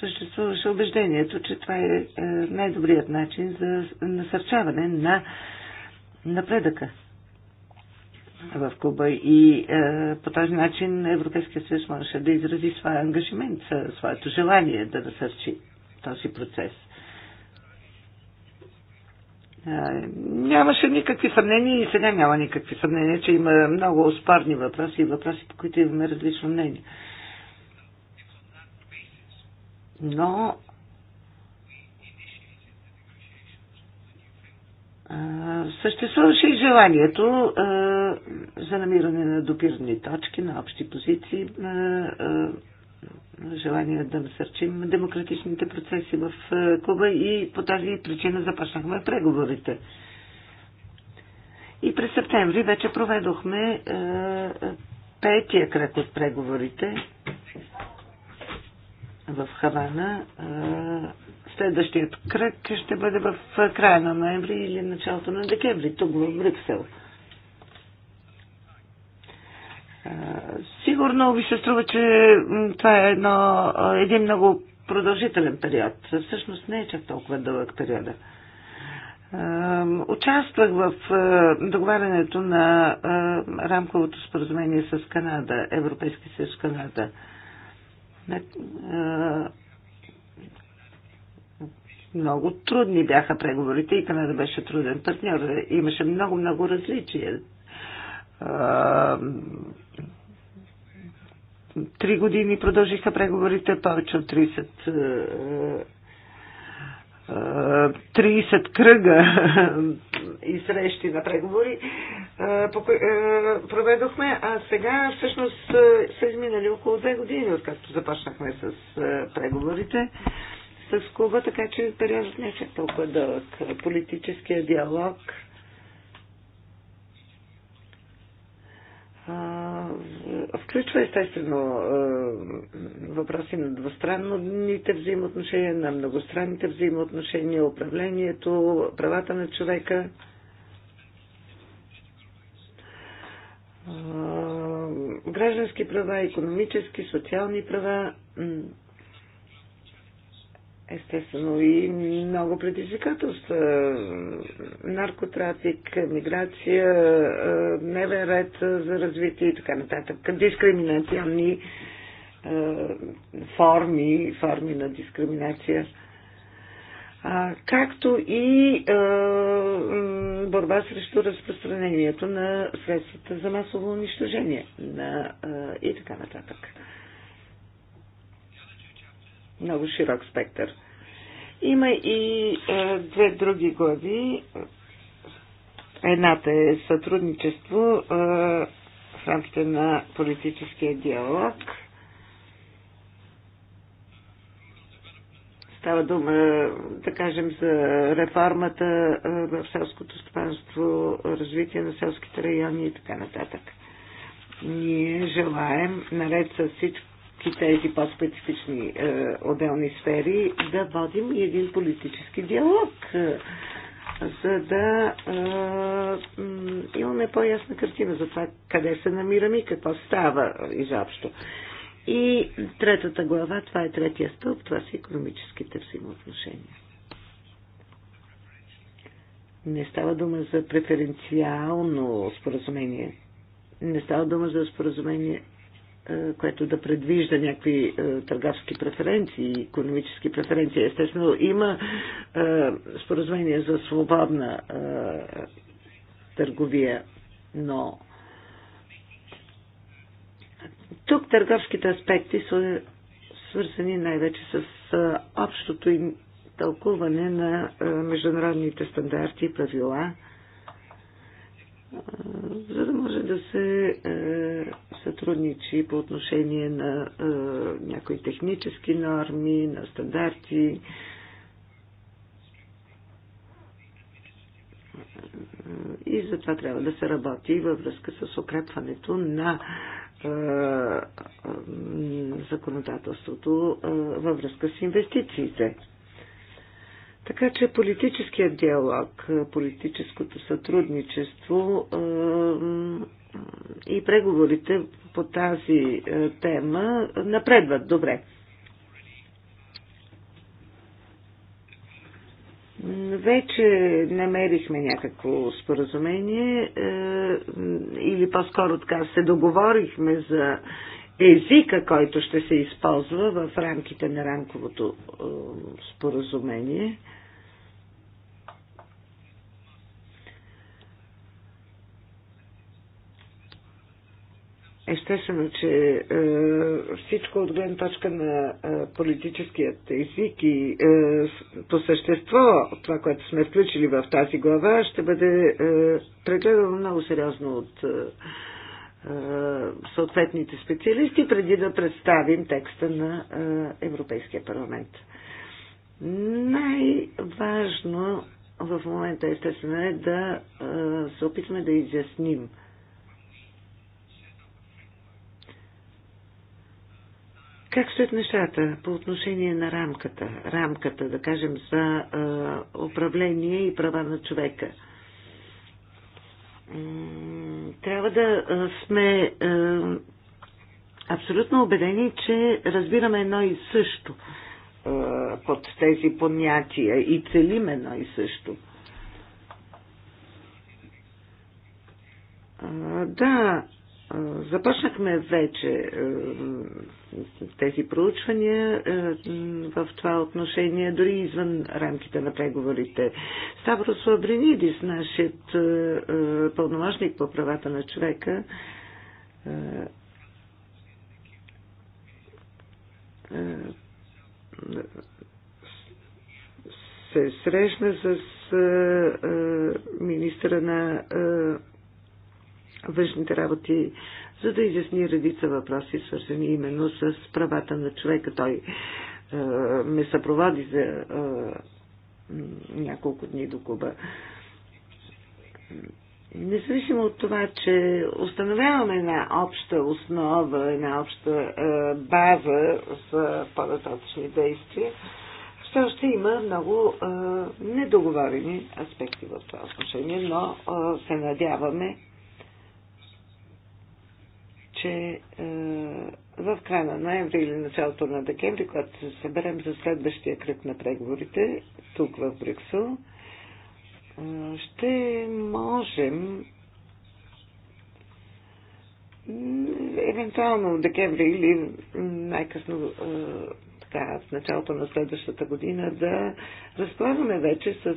Speaker 2: съществуваше убеждението, че това е, е най-добрият начин за насърчаване на напредъка в Куба и е, по този начин Европейския съюз можеше да изрази своя ангажимент, е, своето желание да насърчи този процес. Е, нямаше никакви съмнения и сега няма никакви съмнения, че има много спорни въпроси и въпроси, по които имаме различно мнение. Е, но съществуваше и желанието за намиране на допирни точки, на общи позиции, желание да насърчим демократичните процеси в Куба и по тази причина започнахме преговорите. И през септември вече проведохме петия кръг от преговорите в Хавана. Следващият кръг ще бъде в края на ноември или началото на декември, тук в Брюксел. Сигурно ви се струва, че това е едно, един много продължителен период. Всъщност не е чак толкова дълъг периода. Участвах в договарянето на рамковото споразумение с Канада, Европейски съюз Канада. Е, много трудни бяха преговорите и Канада беше труден партньор. Имаше много-много различия. Е, три години продължиха преговорите, повече от 30 30 е, кръга и срещи на преговори проведохме, а сега всъщност са изминали около две години, откакто започнахме с преговорите с Куба, така че периодът не е толкова дълъг. Политическия диалог включва естествено въпроси на двустранните взаимоотношения, на многостранните взаимоотношения, управлението, правата на човека. граждански права, економически, социални права, естествено и много предизвикателства. Наркотрафик, миграция, дневен ред за развитие и така нататък. Дискриминационни форми, форми на дискриминация както и борба срещу разпространението на средствата за масово унищожение на, и така нататък. Много широк спектър. Има и две други глави. Едната е сътрудничество в рамките на политическия диалог – Става дума, да кажем, за реформата в селското стопанство, развитие на селските райони и така нататък. Ние желаем, наред с всички тези по-специфични е, отделни сфери, да водим и един политически диалог, е, за да е, имаме по-ясна картина за това къде се намираме и какво става изобщо. И третата глава, това е третия стълб, това са економическите взаимоотношения. Не става дума за преференциално споразумение. Не става дума за споразумение, е, което да предвижда някакви е, търговски преференции, економически преференции. Естествено, има е, споразумение за свободна търговия, но тук търговските аспекти са свързани най-вече с общото им тълкуване на международните стандарти и правила, за да може да се сътрудничи по отношение на някои технически норми, на стандарти, и затова трябва да се работи във връзка с укрепването на законодателството във връзка с инвестициите. Така че политическият диалог, политическото сътрудничество и преговорите по тази тема напредват добре. Вече намерихме някакво споразумение е, или по-скоро така се договорихме за езика, който ще се използва в рамките на рамковото е, споразумение. Естествено, че е, всичко от гледна точка на е, политическият език и е, по същество това, което сме включили в тази глава, ще бъде е, прегледано много сериозно от е, е, съответните специалисти, преди да представим текста на е, Европейския парламент. Най-важно в момента, естествено, е да е, се опитаме да изясним Как стоят нещата по отношение на рамката? Рамката, да кажем, за управление и права на човека. Трябва да сме абсолютно убедени, че разбираме едно и също под тези понятия и целим едно и също. Да, Започнахме вече е, тези проучвания е, в това отношение, дори извън рамките на преговорите. Ставрос Лабринидис, нашият е, пълномощник по правата на човека, се срещна с министра на външните работи, за да изясни редица въпроси, свързани именно с правата на човека. Той е, ме съпроводи за е, няколко дни до Куба. Независимо от това, че установяваме една обща основа, една обща е, база за по-нататъчни действия, все още има много е, недоговорени аспекти в това отношение, но е, се надяваме че е, в края на ноември или началото на декември, когато се съберем за следващия кръг на преговорите, тук в Брюксел, е, ще можем евентуално декември или най-късно е, така, в началото на следващата година да разполагаме вече с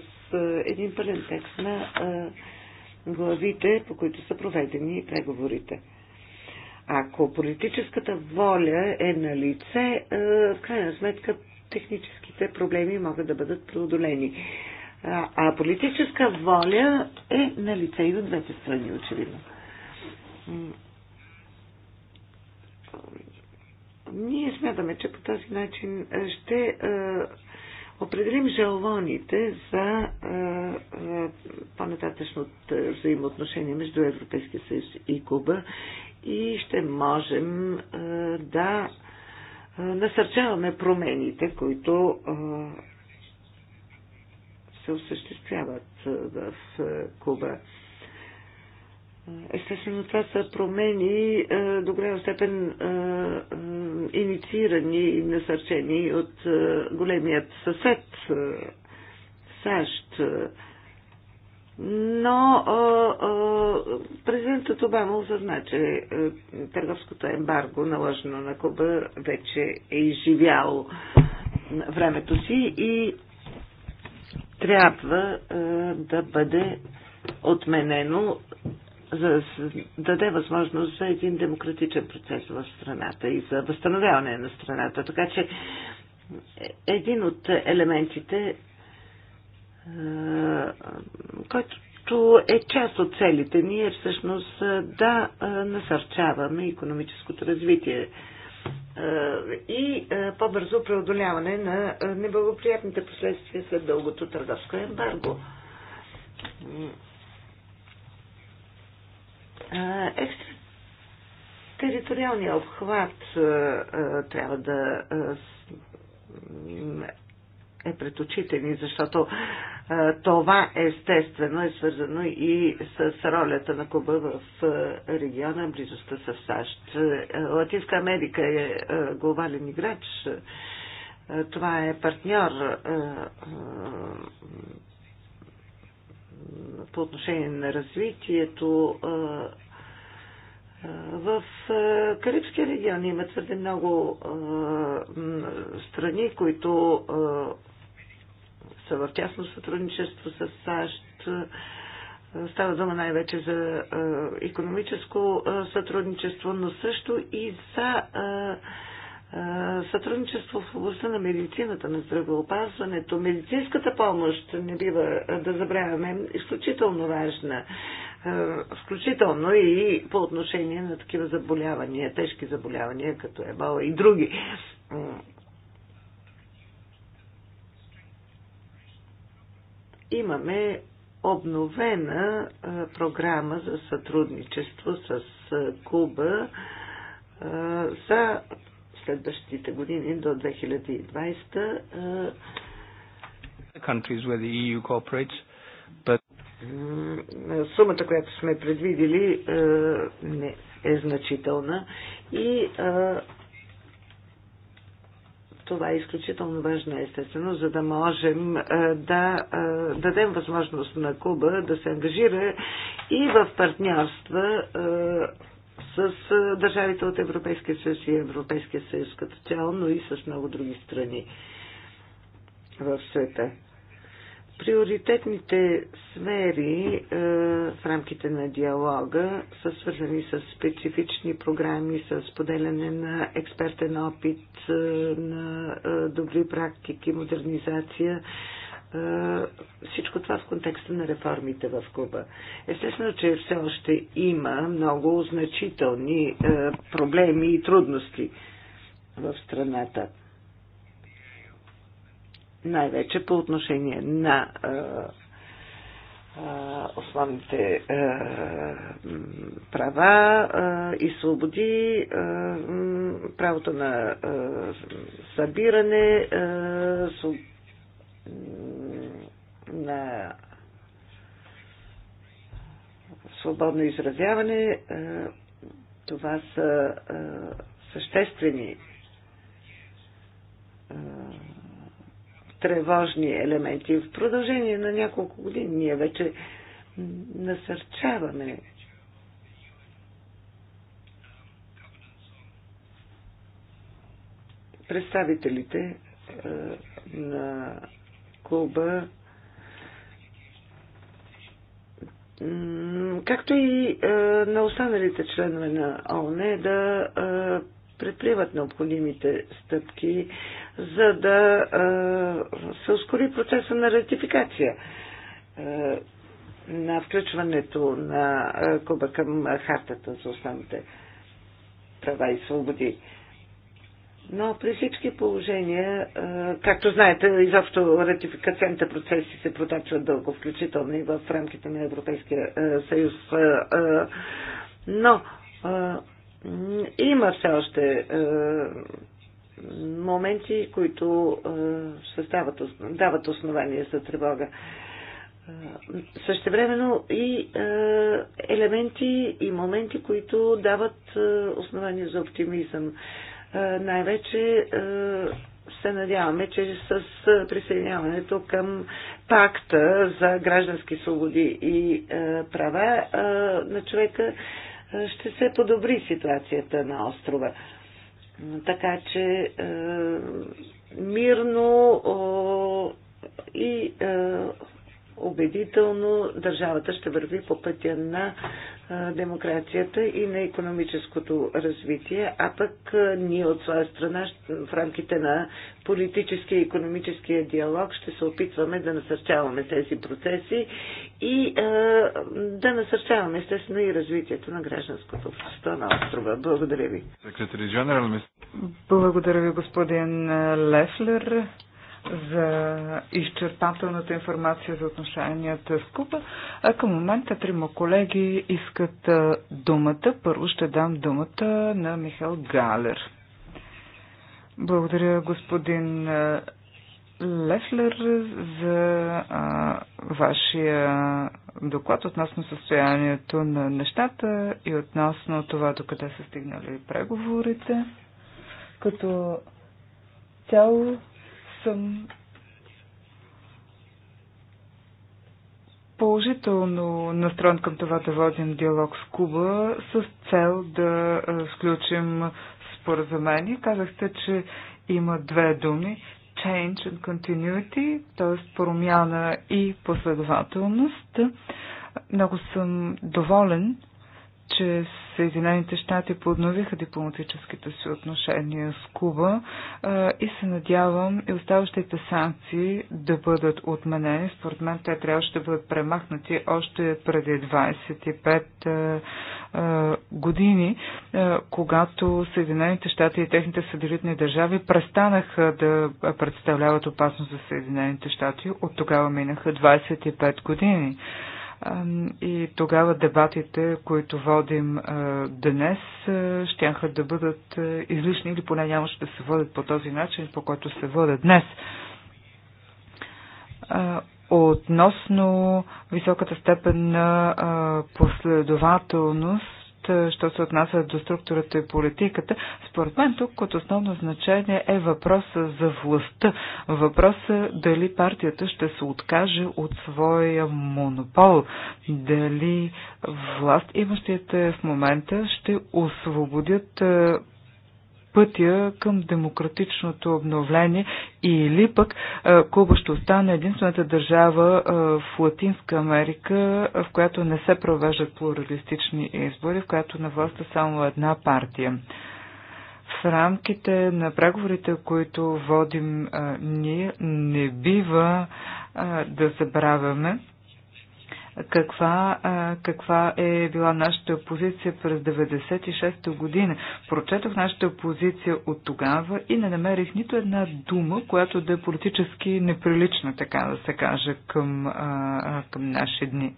Speaker 2: един пълен текст на главите, по които са проведени преговорите. Ако политическата воля е на лице, в крайна сметка техническите проблеми могат да бъдат преодолени. А политическа воля е на лице и от двете страни, очевидно. Ние смятаме, че по този начин ще определим жалоните за по-нататъчно взаимоотношение между Европейския съюз и Куба и ще можем е, да е, насърчаваме промените, които е, се осъществяват в Куба. Естествено, това са промени до голяма степен инициирани и насърчени от големият съсед САЩ но президентът Обама осъзна, че търговското ембарго наложено на Куба вече е изживяло времето си и трябва да бъде отменено за да даде възможност за един демократичен процес в страната и за възстановяване на страната. Така че е, един от елементите е, който е част от целите ни, е всъщност е, да е, насърчаваме економическото развитие и по-бързо преодоляване на неблагоприятните последствия след дългото търговско ембарго. Екстериториалният обхват трябва да е пред очите ни, защото е, това естествено е свързано и с ролята на Куба в е, региона, близостта с САЩ. Е, Латинска Америка е глобален играч. Това е партньор по отношение на развитието. В Карибския регион има твърде много страни, които са в тясно сътрудничество с САЩ. Става дума най-вече за економическо сътрудничество, но също и за сътрудничество в областта на медицината, на здравеопазването, медицинската помощ не бива да забравяме, е изключително важна, включително и по отношение на такива заболявания, тежки заболявания, като ебола и други. имаме обновена програма за сътрудничество с Куба за следващите години до 2020. E сумата, която сме предвидили, не е значителна и това е изключително важно, естествено, за да можем е, да е, дадем възможност на Куба да се ангажира и в партньорства е, с държавите от Европейския съюз и Европейския съюз като цяло, но и с много други страни в света. Приоритетните сфери е, в рамките на диалога са свързани с специфични програми, с поделяне на експертен опит, е, на е, добри практики, модернизация. Е, всичко това в контекста на реформите в Куба. Естествено, че все още има много значителни е, проблеми и трудности в страната най-вече по отношение на основните права и свободи, правото на събиране, на свободно изразяване. Това са съществени тревожни елементи. В продължение на няколко години ние вече насърчаваме представителите е, на клуба, както и е, на останалите членове на ОНЕ, да е, предприемат необходимите стъпки, за да се ускори процеса на ратификация на включването на Куба към хартата за основните права и свободи. Но при всички положения, както знаете, изобщо ратификационните процеси се протачват дълго, включително и в рамките на Европейския съюз. Но има все още е, моменти, които е, създават, дават основания за тревога. Е, същевременно и елементи и моменти, които дават основания за оптимизъм. Най-вече се надяваме, че с присъединяването към пакта за граждански свободи и права на човека ще се подобри ситуацията на острова. Така че е, мирно и е, убедително държавата ще върви по пътя на демокрацията и на економическото развитие, а пък ние от своя страна в рамките на политическия и економическия диалог ще се опитваме да насърчаваме тези процеси и да насърчаваме естествено и развитието на гражданското общество на острова. Благодаря ви.
Speaker 3: Благодаря ви, господин Лефлер за изчерпателната информация за отношенията с Куба. А към момента трима колеги искат думата. Първо ще дам думата на Михаил Галер. Благодаря, господин Лефлер, за а, вашия доклад относно състоянието на нещата и относно това докъде са стигнали преговорите. Като цяло съм положително настроен към това да водим диалог с Куба с цел да сключим споразумение. Казахте, че има две думи change and continuity, т.е. промяна и последователност. Много съм доволен че Съединените щати подновиха дипломатическите си отношения с Куба и се надявам и оставащите санкции да бъдат отменени. Според мен те трябваше да бъдат премахнати още преди 25 години, когато Съединените щати и техните съделитни държави престанаха да представляват опасност за Съединените щати. От тогава минаха 25 години. И тогава дебатите, които водим днес, щяха да бъдат излишни или поне нямаше да се водят по този начин, по който се водят днес. Относно високата степен на последователност е, що се отнася до структурата и политиката, според мен тук от основно значение е въпроса за властта. Въпроса дали партията ще се откаже от своя монопол, дали власт имащите в момента ще освободят е, пътя към демократичното обновление или пък Куба ще остане единствената държава в Латинска Америка, в която не се провеждат плуралистични избори, в която на власт е само една партия. В рамките на преговорите, които водим ние, не бива да забравяме, каква, каква е била нашата позиция през 96-та година. Прочетох нашата позиция от тогава и не намерих нито една дума, която да е политически неприлична, така да се каже, към, към наши дни.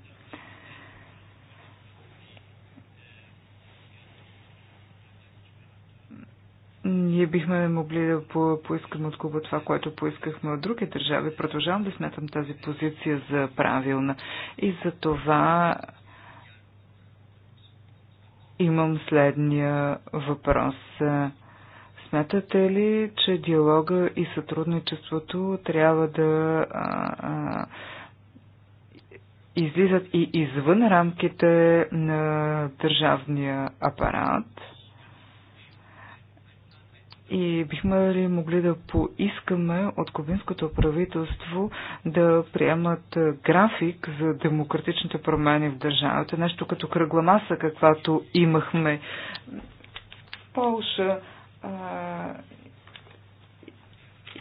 Speaker 3: Ние бихме могли да по поискаме от Куба това, което поискахме от други държави. Продължавам да смятам тази позиция за правилна. И за това имам следния въпрос. Смятате ли, че диалога и сътрудничеството трябва да излизат и извън рамките на държавния апарат? И бихме ли могли да поискаме от кубинското правителство да приемат график за демократичните промени в държавата, нещо като кръгла маса, каквато имахме Полша а,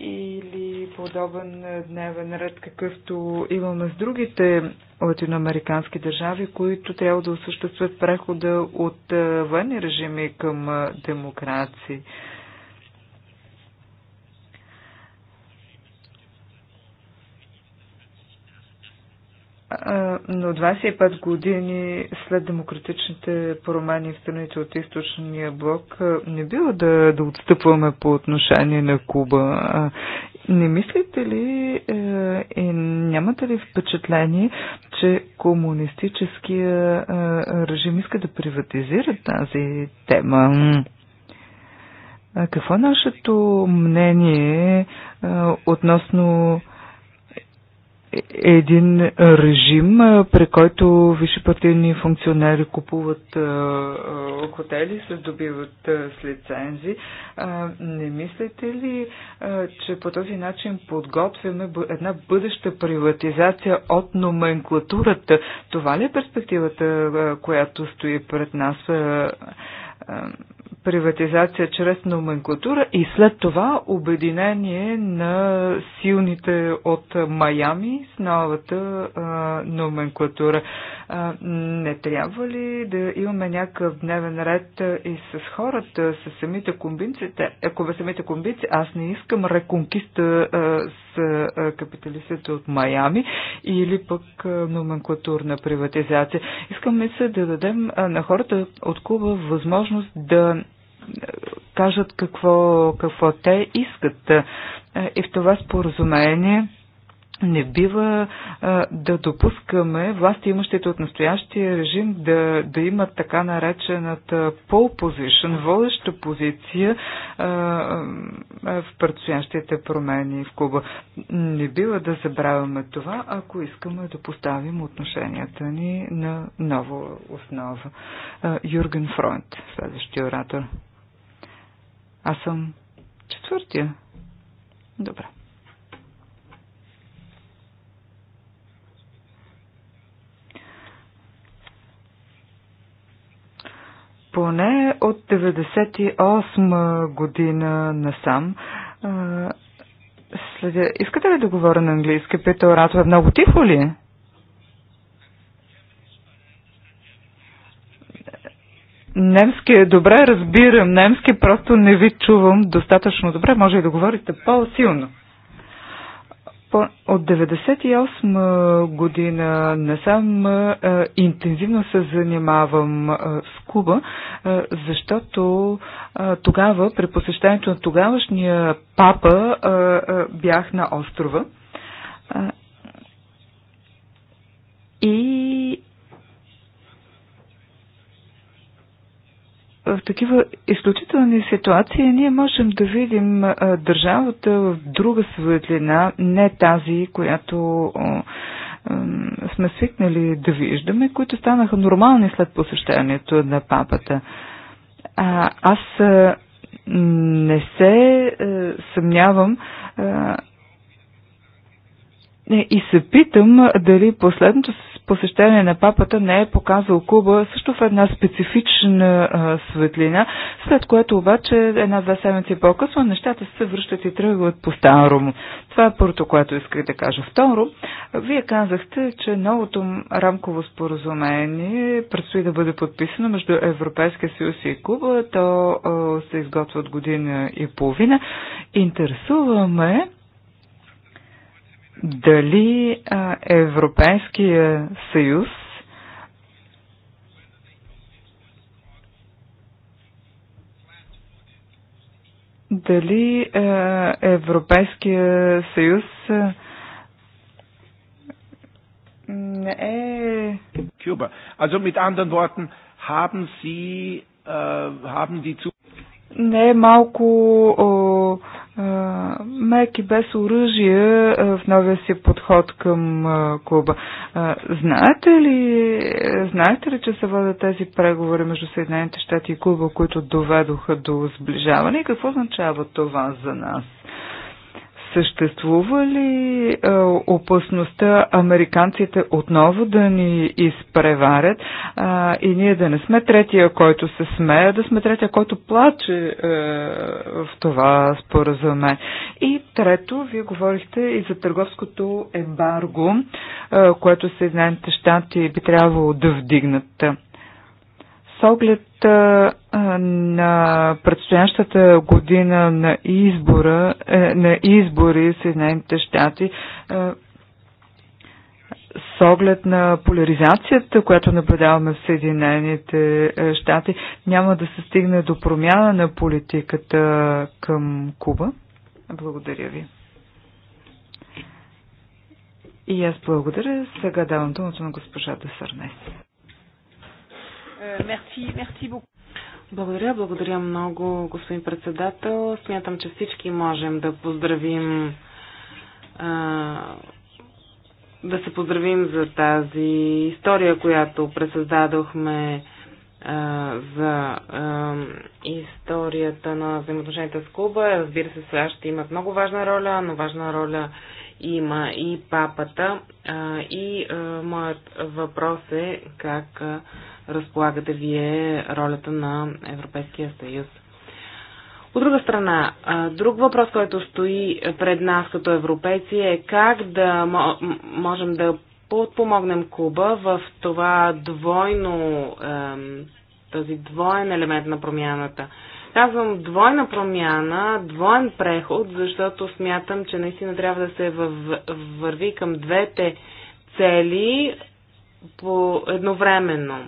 Speaker 3: или подобен дневен ред, какъвто имаме с другите латиноамерикански държави, които трябва да осъществят прехода от военни режими към демокрации. но 25 години след демократичните промени в страните от източния блок не било да, да отстъпваме по отношение на Куба. Не мислите ли е, и нямате ли впечатление, че комунистическия режим иска да приватизира тази тема? Какво е нашето мнение относно един режим, при който висши функционери купуват хотели, се добиват с лицензи. Не мислите ли, че по този начин подготвяме една бъдеща приватизация от номенклатурата? Това ли е перспективата, която стои пред нас? приватизация чрез номенклатура и след това обединение на силните от Майами с новата а, номенклатура. А, не трябва ли да имаме някакъв дневен ред и с хората, с самите комбинците, ако бе самите комбинци, аз не искам реконкиста а, е, е, капиталистите от Майами или пък е, номенклатурна приватизация. Искаме се да дадем на хората от Куба възможност да кажат какво, какво те искат. И в това споразумение не бива а, да допускаме власти имащите от настоящия режим да, да имат така наречената pole position, водеща позиция а, а, в предстоящите промени в Куба. Не бива да забравяме това, ако искаме да поставим отношенията ни на нова основа. А, Юрген Фронт, следващия оратор. Аз съм четвъртия. Добре. Поне от 98 година насам следя. Искате ли да говоря на английски? Пита е Много тихо ли Немски е добре, разбирам немски, просто не ви чувам достатъчно добре. Може и да говорите по-силно. От 1998 година насам интензивно се занимавам с Куба, защото тогава, при посещението на тогавашния папа, бях на острова. И в такива изключителни ситуации ние можем да видим държавата в друга светлина, не тази, която сме свикнали да виждаме, които станаха нормални след посещението на папата. А, аз не се съмнявам а, и се питам дали последното посещение на папата не е показал Куба също в една специфична а, светлина, след което обаче една два седмици по-късно нещата се връщат и тръгват по-старому. Това е първото, което исках да кажа. Второ, вие казахте, че новото рамково споразумение предстои да бъде подписано между Европейския съюз и Куба. То а, се изготвя от година и половина. Интересуваме дали а, Европейския съюз дали а, Европейския съюз не е...
Speaker 1: Куба. Also mit anderen Worten, haben Sie, äh, haben die...
Speaker 3: Не е малко... О, мерки без оръжие в новия си подход към клуба. Знаете ли, знаете ли, че се водят тези преговори между Съединените щати и Куба, които доведоха до сближаване и какво означава това за нас? Съществува ли а, е, опасността американците отново да ни изпреварят а, и ние да не сме третия, който се смее, да сме третия, който плаче а, е, в това споразуме? И трето, вие говорихте и за търговското ембарго, а, е, което Съединените щати би трябвало да вдигнат. С оглед Оценката на предстоящата година на, избора, е, на избори в Съединените щати с оглед на поляризацията, която наблюдаваме в Съединените е, щати, няма да се стигне до промяна на политиката към Куба? Благодаря ви. И аз благодаря. Сега давам думата на госпожа Десърнес.
Speaker 2: Е, мерси, мерси
Speaker 4: Благодаря, благодаря много, господин председател. Смятам, че всички можем да поздравим да се поздравим за тази история, която пресъздадохме за историята на взаимоотношенията с Куба. Разбира се, сега ще имат много важна роля, но важна роля има и папата. и моят въпрос е как разполагате вие ролята на Европейския съюз. От друга страна, друг въпрос, който стои пред нас като европейци е как да можем да подпомогнем Куба в това двойно, този двоен елемент на промяната. Казвам двойна промяна, двоен преход, защото смятам, че наистина трябва да се върви към двете цели по едновременно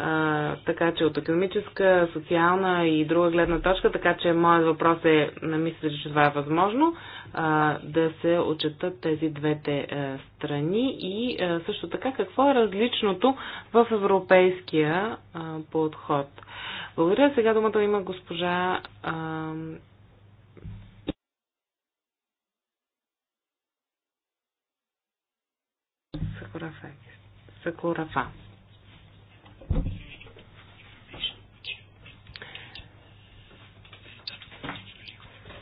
Speaker 4: а, така че от економическа, социална и друга гледна точка, така че моят въпрос е, мисля, че това е възможно, а, да се отчетат тези двете а, страни и а, също така какво е различното в европейския а, подход. Благодаря. Сега думата има госпожа. А, Сакурафа.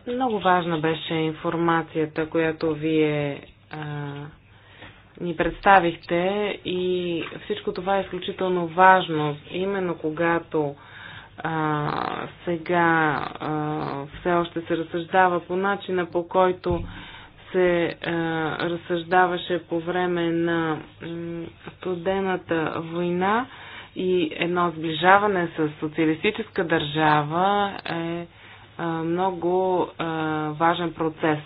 Speaker 4: Много важна беше информацията, която вие а, ни представихте и всичко това е изключително важно, именно когато а, сега а, все още се разсъждава по начина по който се а, разсъждаваше по време на м, студената война. А, и едно сближаване с социалистическа държава е, е много е, важен процес.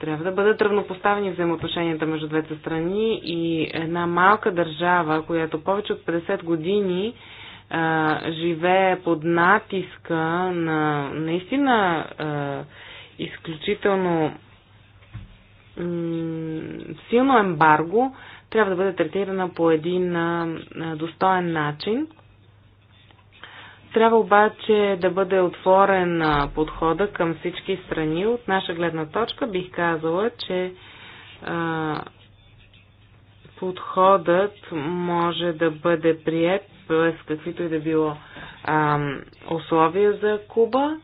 Speaker 4: Трябва да бъдат равнопоставени взаимоотношенията между двете страни и една малка държава, която повече от 50 години а, е, живее под натиска на наистина а, изключително силно ембарго, трябва да бъде третирана по един достоен начин. Трябва обаче да бъде отворен подхода към всички страни. От наша гледна точка бих казала, че подходът може да бъде прият с каквито и да било условия за Куба.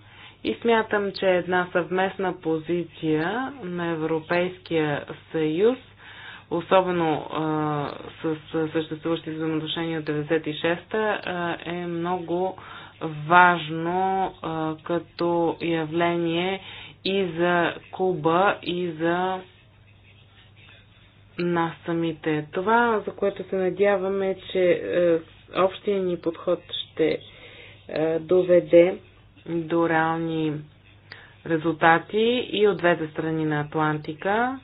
Speaker 4: И смятам, че една съвместна позиция на Европейския съюз особено а, с, съществуващи взаимоотношения от 96-та, е много важно а, като явление и за Куба, и за нас самите. Това, за което се надяваме, е, че а, общия ни подход ще а, доведе до реални резултати и от двете страни на Атлантика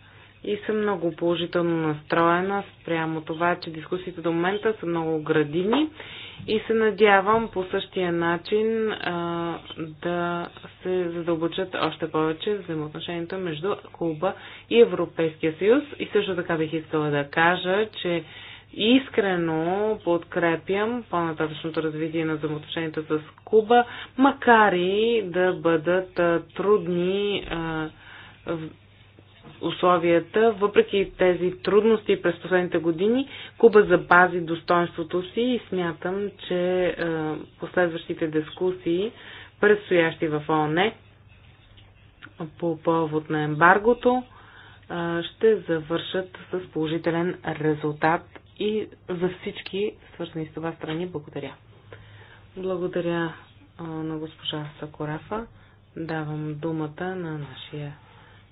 Speaker 4: и съм много положително настроена спрямо това, че дискусиите до момента са много градивни и се надявам по същия начин а, да се задълбочат още повече взаимоотношението между Куба и Европейския съюз. И също така бих искала да кажа, че искрено подкрепям по-нататъчното развитие на взаимоотношенията с Куба, макар и да бъдат трудни а, условията, въпреки тези трудности през последните години, Куба запази достоинството си и смятам, че е, последващите дискусии, предстоящи в ООН по повод на ембаргото, е, ще завършат с положителен резултат и за всички свързани с това страни. Благодаря. Благодаря е, на госпожа Сакорафа. Давам думата на нашия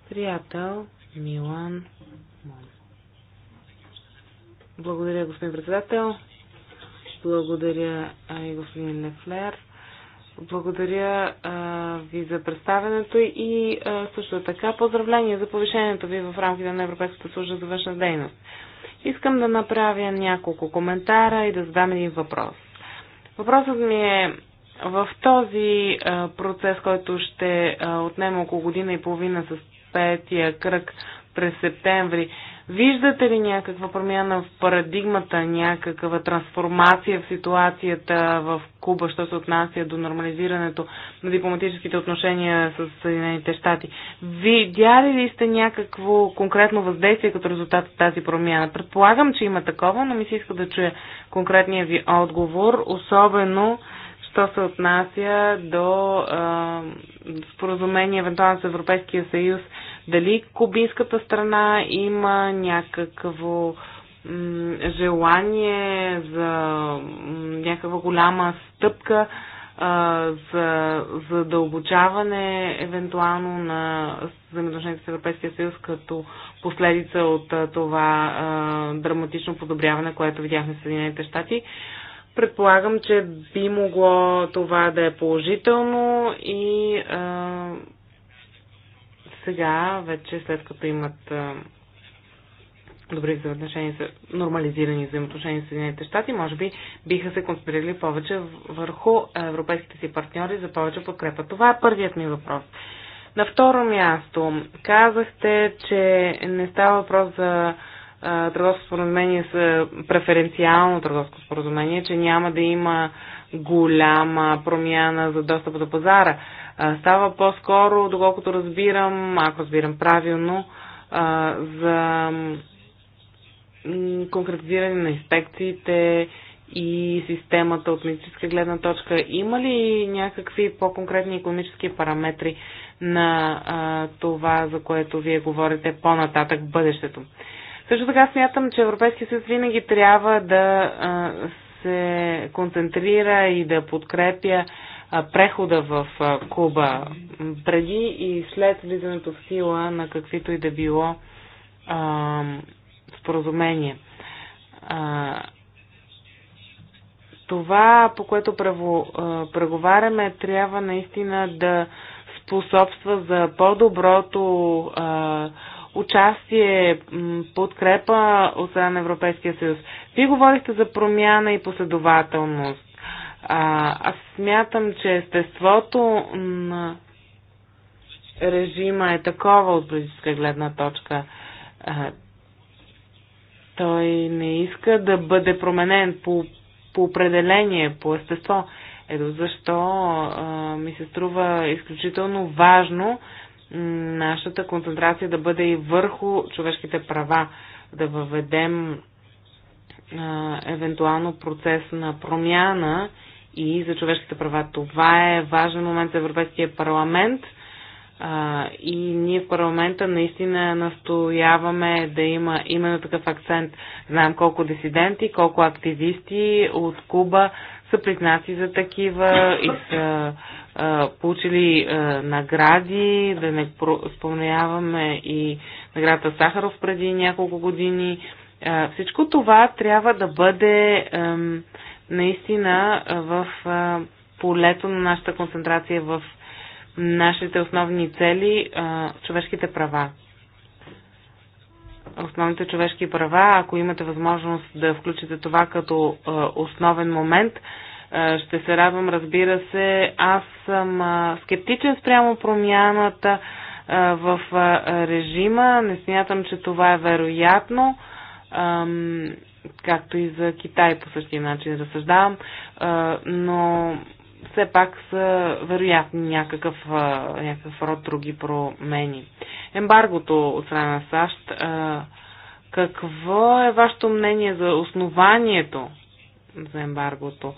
Speaker 4: приятел Милан. Благодаря, господин председател. Благодаря и господин Лефлер. Благодаря а, ви за представенето и а, също така поздравление за повишението ви в рамките на Европейската служба за външна дейност. Искам да направя няколко коментара и да задам един въпрос. Въпросът ми е в този а, процес, който ще а, отнема около година и половина с петия кръг през септември. Виждате ли някаква промяна в парадигмата, някаква трансформация в ситуацията в Куба, що се отнася до нормализирането на дипломатическите отношения с Съединените щати? Видяли ли сте някакво конкретно въздействие като резултат от тази промяна? Предполагам, че има такова, но ми се иска да чуя конкретния ви отговор, особено що се отнася до а, споразумение евентуално с Европейския съюз, дали кубинската страна има някакво желание за някаква голяма стъпка а, за задълбочаване евентуално на взаимоотношенията с Европейския съюз като последица от а, това а, драматично подобряване, което видяхме в Съединените щати. А, Предполагам, че би могло това да е положително и а, сега, вече след като имат а, добри взаимоотношения, нормализирани взаимоотношения с Съединените щати, може би биха се концентрирали повече върху европейските си партньори за повече подкрепа. Това е първият ми въпрос. На второ място, казахте, че не става въпрос за търговско споразумение с преференциално търговско споразумение, че няма да има голяма промяна за достъп до пазара. Става по-скоро, доколкото разбирам, ако разбирам правилно, за конкретизиране на инспекциите и системата от медицинска гледна точка. Има ли някакви по-конкретни економически параметри на това, за което вие говорите по-нататък в бъдещето? Също така смятам, че Европейския съюз винаги трябва да се концентрира и да подкрепя прехода в Куба преди и след влизането в сила на каквито и да било споразумение. това, по което преговаряме, трябва наистина да способства за по-доброто участие, подкрепа от страна на Европейския съюз. Вие говорихте за промяна и последователност. А, аз смятам, че естеството на режима е такова от политическа гледна точка. А, той не иска да бъде променен по, по определение, по естество. Ето защо а, ми се струва изключително важно нашата концентрация да бъде и върху човешките права, да въведем а, евентуално процес на промяна и за човешките права. Това е важен момент за Европейския парламент а, и ние в парламента наистина настояваме да има именно такъв акцент. Знаем колко дисиденти, колко активисти от Куба са признати за такива и са получили а, награди, да не споменяваме и наградата Сахаров преди няколко години. А, всичко това трябва да бъде а, наистина в а, полето на нашата концентрация в нашите основни цели а, човешките права. Основните човешки права, ако имате възможност да включите това като а, основен момент, ще се радвам, разбира се. Аз съм скептичен спрямо промяната в режима. Не смятам, че това е вероятно. Както и за Китай по същия начин разсъждавам. Но все пак са вероятни някакъв, някакъв род други промени. Ембаргото от страна на САЩ. Какво е вашето мнение за основанието за ембаргото?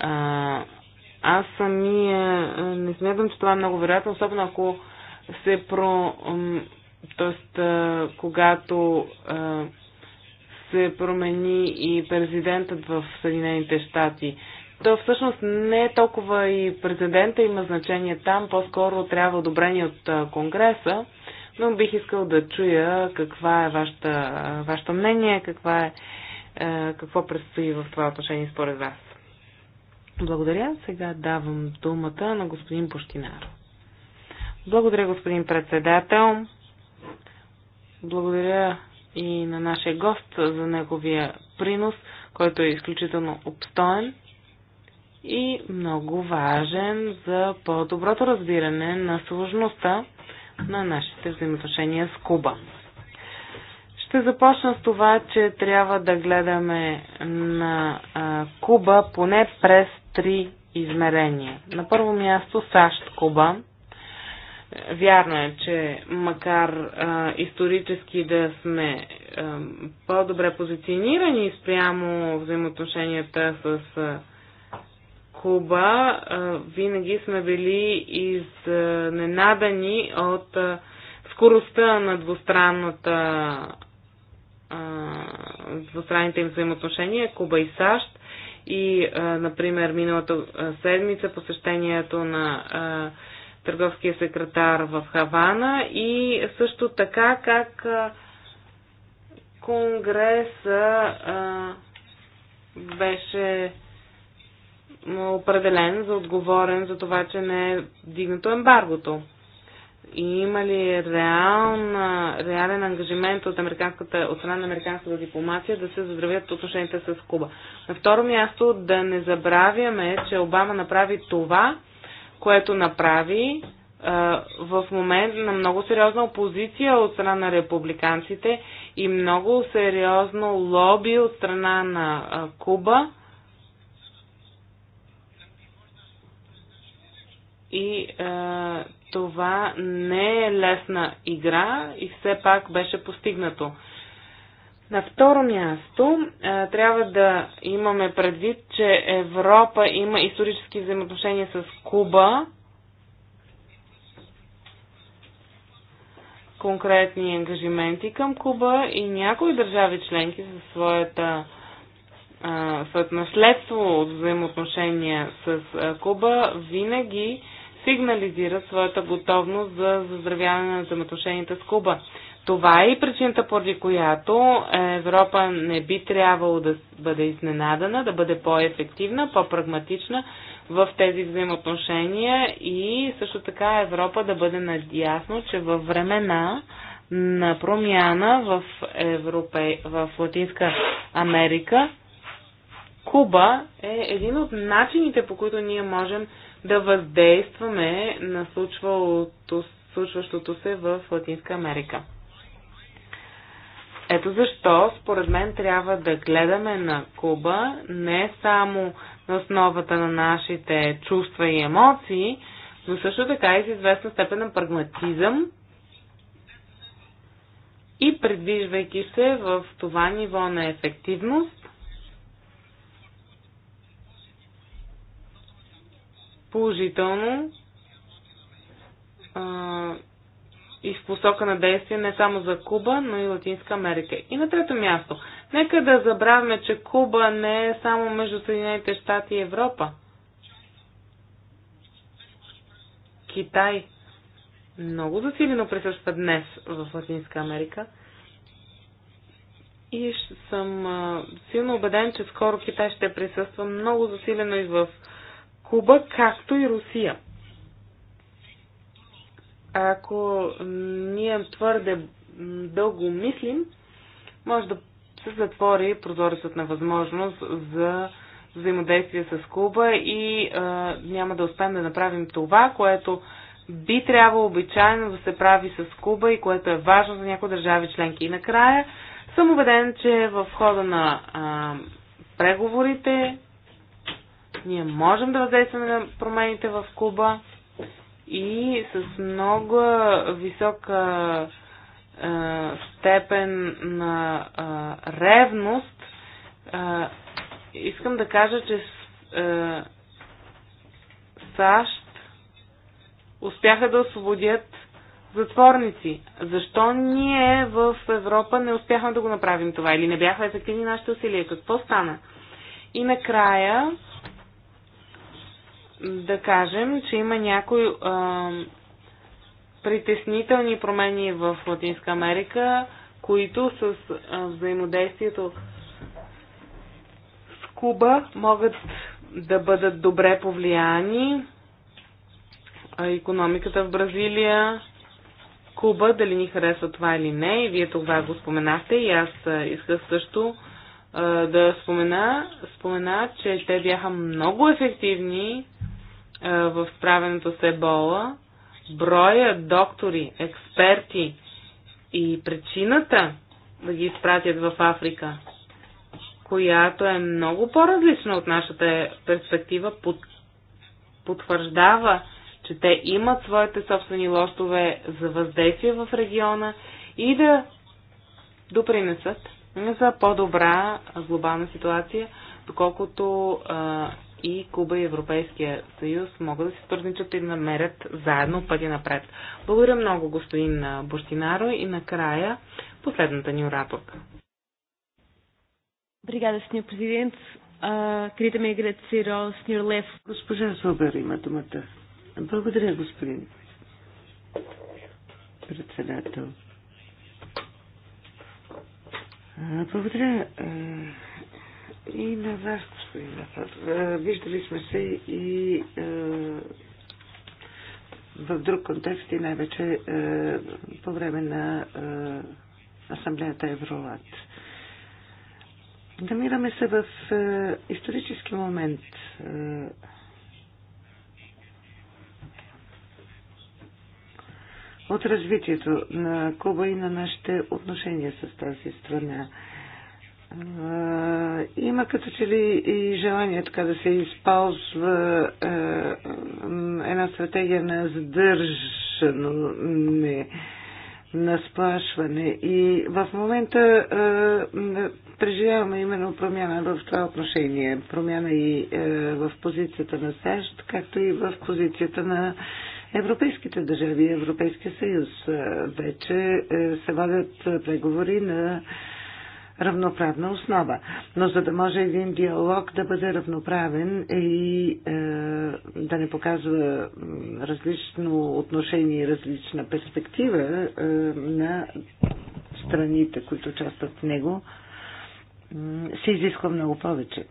Speaker 4: А, аз самия не смятам, че това е много вероятно, особено ако се про... Тоест, когато а, се промени и президентът в Съединените щати. То всъщност не е толкова и президента има значение там, по-скоро трябва одобрение от Конгреса, но бих искал да чуя каква е вашата, вашето мнение, каква е, какво предстои в това отношение според вас. Благодаря. Сега давам думата на господин Пощинаро. Благодаря, господин председател. Благодаря и на нашия гост за неговия принос, който е изключително обстоен и много важен за по-доброто разбиране на сложността на нашите взаимоотношения с Куба. Ще започна с това, че трябва да гледаме на а, Куба поне през три измерения. На първо място САЩ, Куба. Вярно е, че макар а, исторически да сме по-добре позиционирани спрямо взаимоотношенията с а, Куба, а, винаги сме били изненадани от а, скоростта на двустранната двустранните им взаимоотношения Куба и САЩ и, например, миналата седмица посещението на търговския секретар в Хавана и също така как Конгреса беше определен за отговорен за това, че не е дигнато ембаргото. И има ли реална, реален ангажимент от, американската, от страна на американската дипломация да се заздравят отношенията с Куба? На второ място да не забравяме, че Обама направи това, което направи в момент на много сериозна опозиция от страна на републиканците и много сериозно лоби от страна на Куба И е, това не е лесна игра и все пак беше постигнато. На второ място е, трябва да имаме предвид, че Европа има исторически взаимоотношения с Куба, конкретни ангажименти към Куба и някои държави членки със своята е, своят наследство от взаимоотношения с е, Куба винаги сигнализира своята готовност за заздравяване на взаимоотношенията с Куба. Това е и причината, поради която Европа не би трябвало да бъде изненадана, да бъде по-ефективна, по-прагматична в тези взаимоотношения и също така Европа да бъде надясно, че във времена на промяна в, Европе, в Латинска Америка, Куба е един от начините, по които ние можем да въздействаме на случващото се в Латинска Америка. Ето защо, според мен, трябва да гледаме на Куба не само на основата на нашите чувства и емоции, но също така и с известна степен на прагматизъм и предвижвайки се в това ниво на ефективност, положително а, и в посока на действие не само за Куба, но и Латинска Америка. И на трето място, нека да забравяме, че Куба не е само между Съединените щати и Европа. Китай много засилено присъства днес в Латинска Америка. И съм а, силно убеден, че скоро Китай ще присъства много засилено и в Куба, както и Русия. Ако ние твърде дълго мислим, може да се затвори прозорецът на възможност за взаимодействие с Куба и а, няма да успеем да направим това, което би трябвало обичайно да се прави с Куба и което е важно за някои държави членки. И накрая съм убеден, че в хода на а, преговорите ние можем да въздействаме на промените в Куба и с много висока е, степен на е, ревност е, искам да кажа, че е, САЩ успяха да освободят затворници. Защо ние в Европа не успяхме да го направим това? Или не бяха ефективни нашите усилия? Какво стана? И накрая да кажем, че има някои а, притеснителни промени в Латинска Америка, които с а, взаимодействието с Куба могат да бъдат добре повлияни. А економиката в Бразилия, Куба, дали ни харесва това или не, и вие това го споменахте, и аз исках също да спомена, спомена, че те бяха много ефективни в справенето с ебола, броя доктори, експерти и причината да ги изпратят в Африка, която е много по-различна от нашата перспектива, под, потвърждава, че те имат своите собствени лостове за въздействие в региона и да допринесат за по-добра глобална ситуация, доколкото а, и Куба и Европейския съюз могат да се сътрудничат и намерят заедно пътя напред. Благодаря много, господин Бощинаро, и накрая последната ни ораторка.
Speaker 2: Бригада, Sr. президент. Крита queria também agradecer Лев. Госпожа Зобер има думата. Благодаря, господин председател. Благодаря, и на вас, господин Насад. Е, виждали сме се и е, в друг контекст и най-вече е, по време на е, асамблеята Евролат. Намираме се в е, исторически момент. Е, от развитието на Куба и на нашите отношения с тази страна. Е, има като че ли и желание така да се използва една стратегия на задържано не, на сплашване. И в момента преживяваме именно промяна в това отношение. Промяна и в позицията на САЩ, както и в позицията на Европейските държави и Европейския съюз. Вече е, се водят преговори на равноправна основа. Но за да може един диалог да бъде равноправен и е, да не показва различно отношение и различна перспектива е, на страните, които участват в него, се изисква много повече.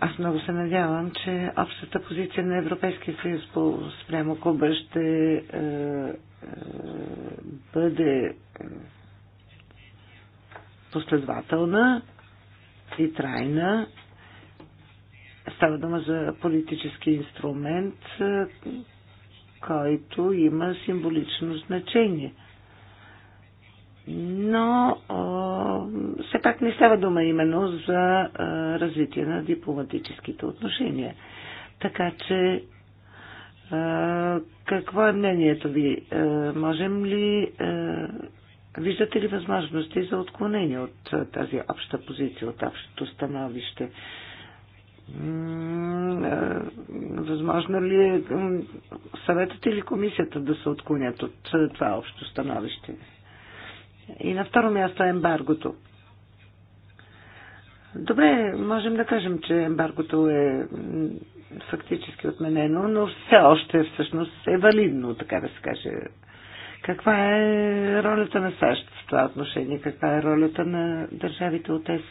Speaker 2: Аз много се надявам, че общата позиция на Европейския съюз по спрямо Куба ще е, бъде последователна и трайна. Става дума за политически инструмент, който има символично значение. Но все пак не става дума именно за развитие на дипломатическите отношения. Така че какво е мнението ви? Можем ли, виждате ли възможности за отклонение от тази обща позиция, от общото становище? Възможно ли е съветът или комисията да се отклонят от това общо становище? И на второ място е ембаргото. Добре, можем да кажем, че ембаргото е фактически отменено, но все още всъщност е валидно, така да се каже. Каква е ролята на САЩ в това отношение? Каква е ролята на държавите от ЕС?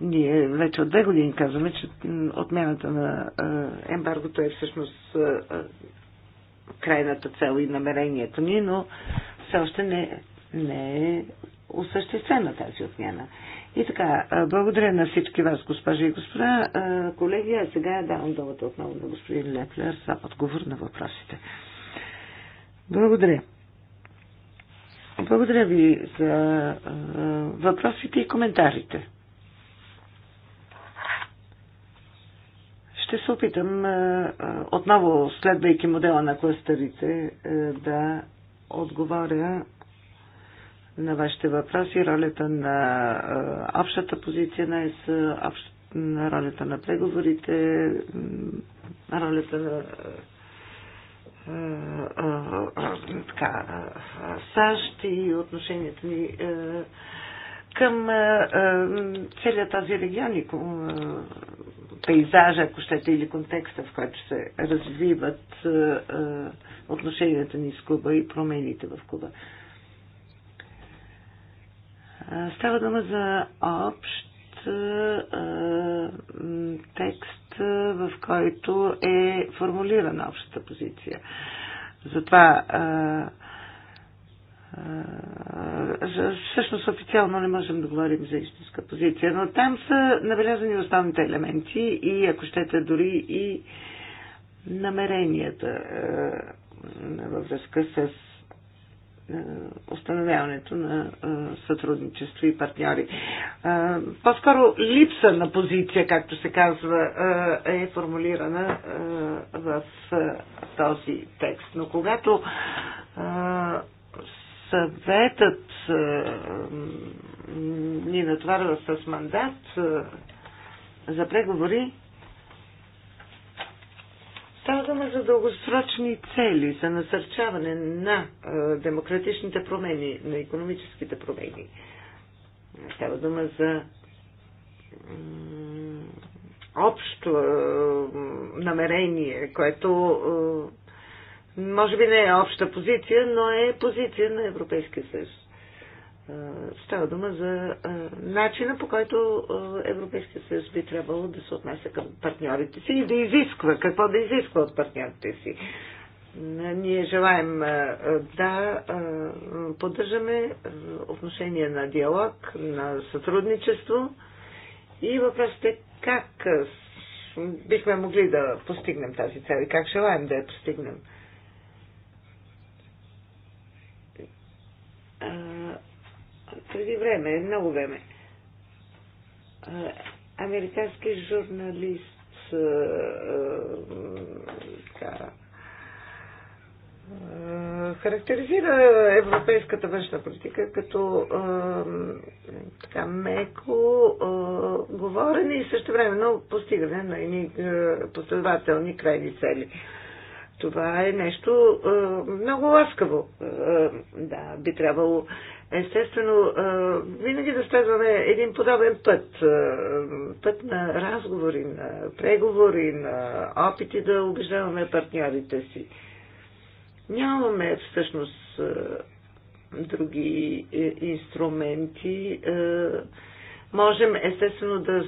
Speaker 2: ние вече от две години казваме, че отмяната на ембаргото е всъщност крайната цел и намерението ни, но все още не, не е осъществена тази отмяна. И така, благодаря на всички вас, госпожи и господа. Колеги, а сега давам думата отново на господин Леплер за отговор на въпросите. Благодаря. Благодаря ви за въпросите и коментарите. Ще се опитам отново, следвайки модела на кластерите, да отговоря на вашите въпроси, ролята на общата позиция на ЕС, на ролята на преговорите, ролята на така, САЩ и отношението ни към целият този регион и пейзажа, ако щете, или контекста, в който се развиват отношенията ни с Куба и промените в Куба. Става дума за общ текст, в който е формулирана общата позиция. Затова всъщност официално не можем да говорим за истинска позиция, но там са набелязани основните елементи и ако щете дори и намеренията във връзка с е, установяването на е, сътрудничество и партньори. Е, по-скоро липса на позиция, както се казва, е формулирана в този текст. Но когато съветът ни натваря с мандат за преговори, Става дума за дългосрочни цели, за насърчаване на демократичните промени, на економическите промени. Става дума за общо намерение, което може би не е обща позиция, но е позиция на Европейския съюз. Става дума за начина по който Европейския съюз би трябвало да се отнася към партньорите си и да изисква, какво да изисква от партньорите си. Ние желаем да поддържаме отношения на диалог, на сътрудничество и въпросът е как бихме могли да постигнем тази цел и как желаем да я постигнем. преди време, много време. Американски журналист характеризира европейската външна политика като така меко говорене и също времено постигане на едни последователни крайни цели. Това е нещо много ласкаво. Да, би трябвало Естествено, винаги да следваме един подобен път. Път на разговори, на преговори, на опити да убеждаваме партньорите си. Нямаме всъщност други е, инструменти. Можем естествено да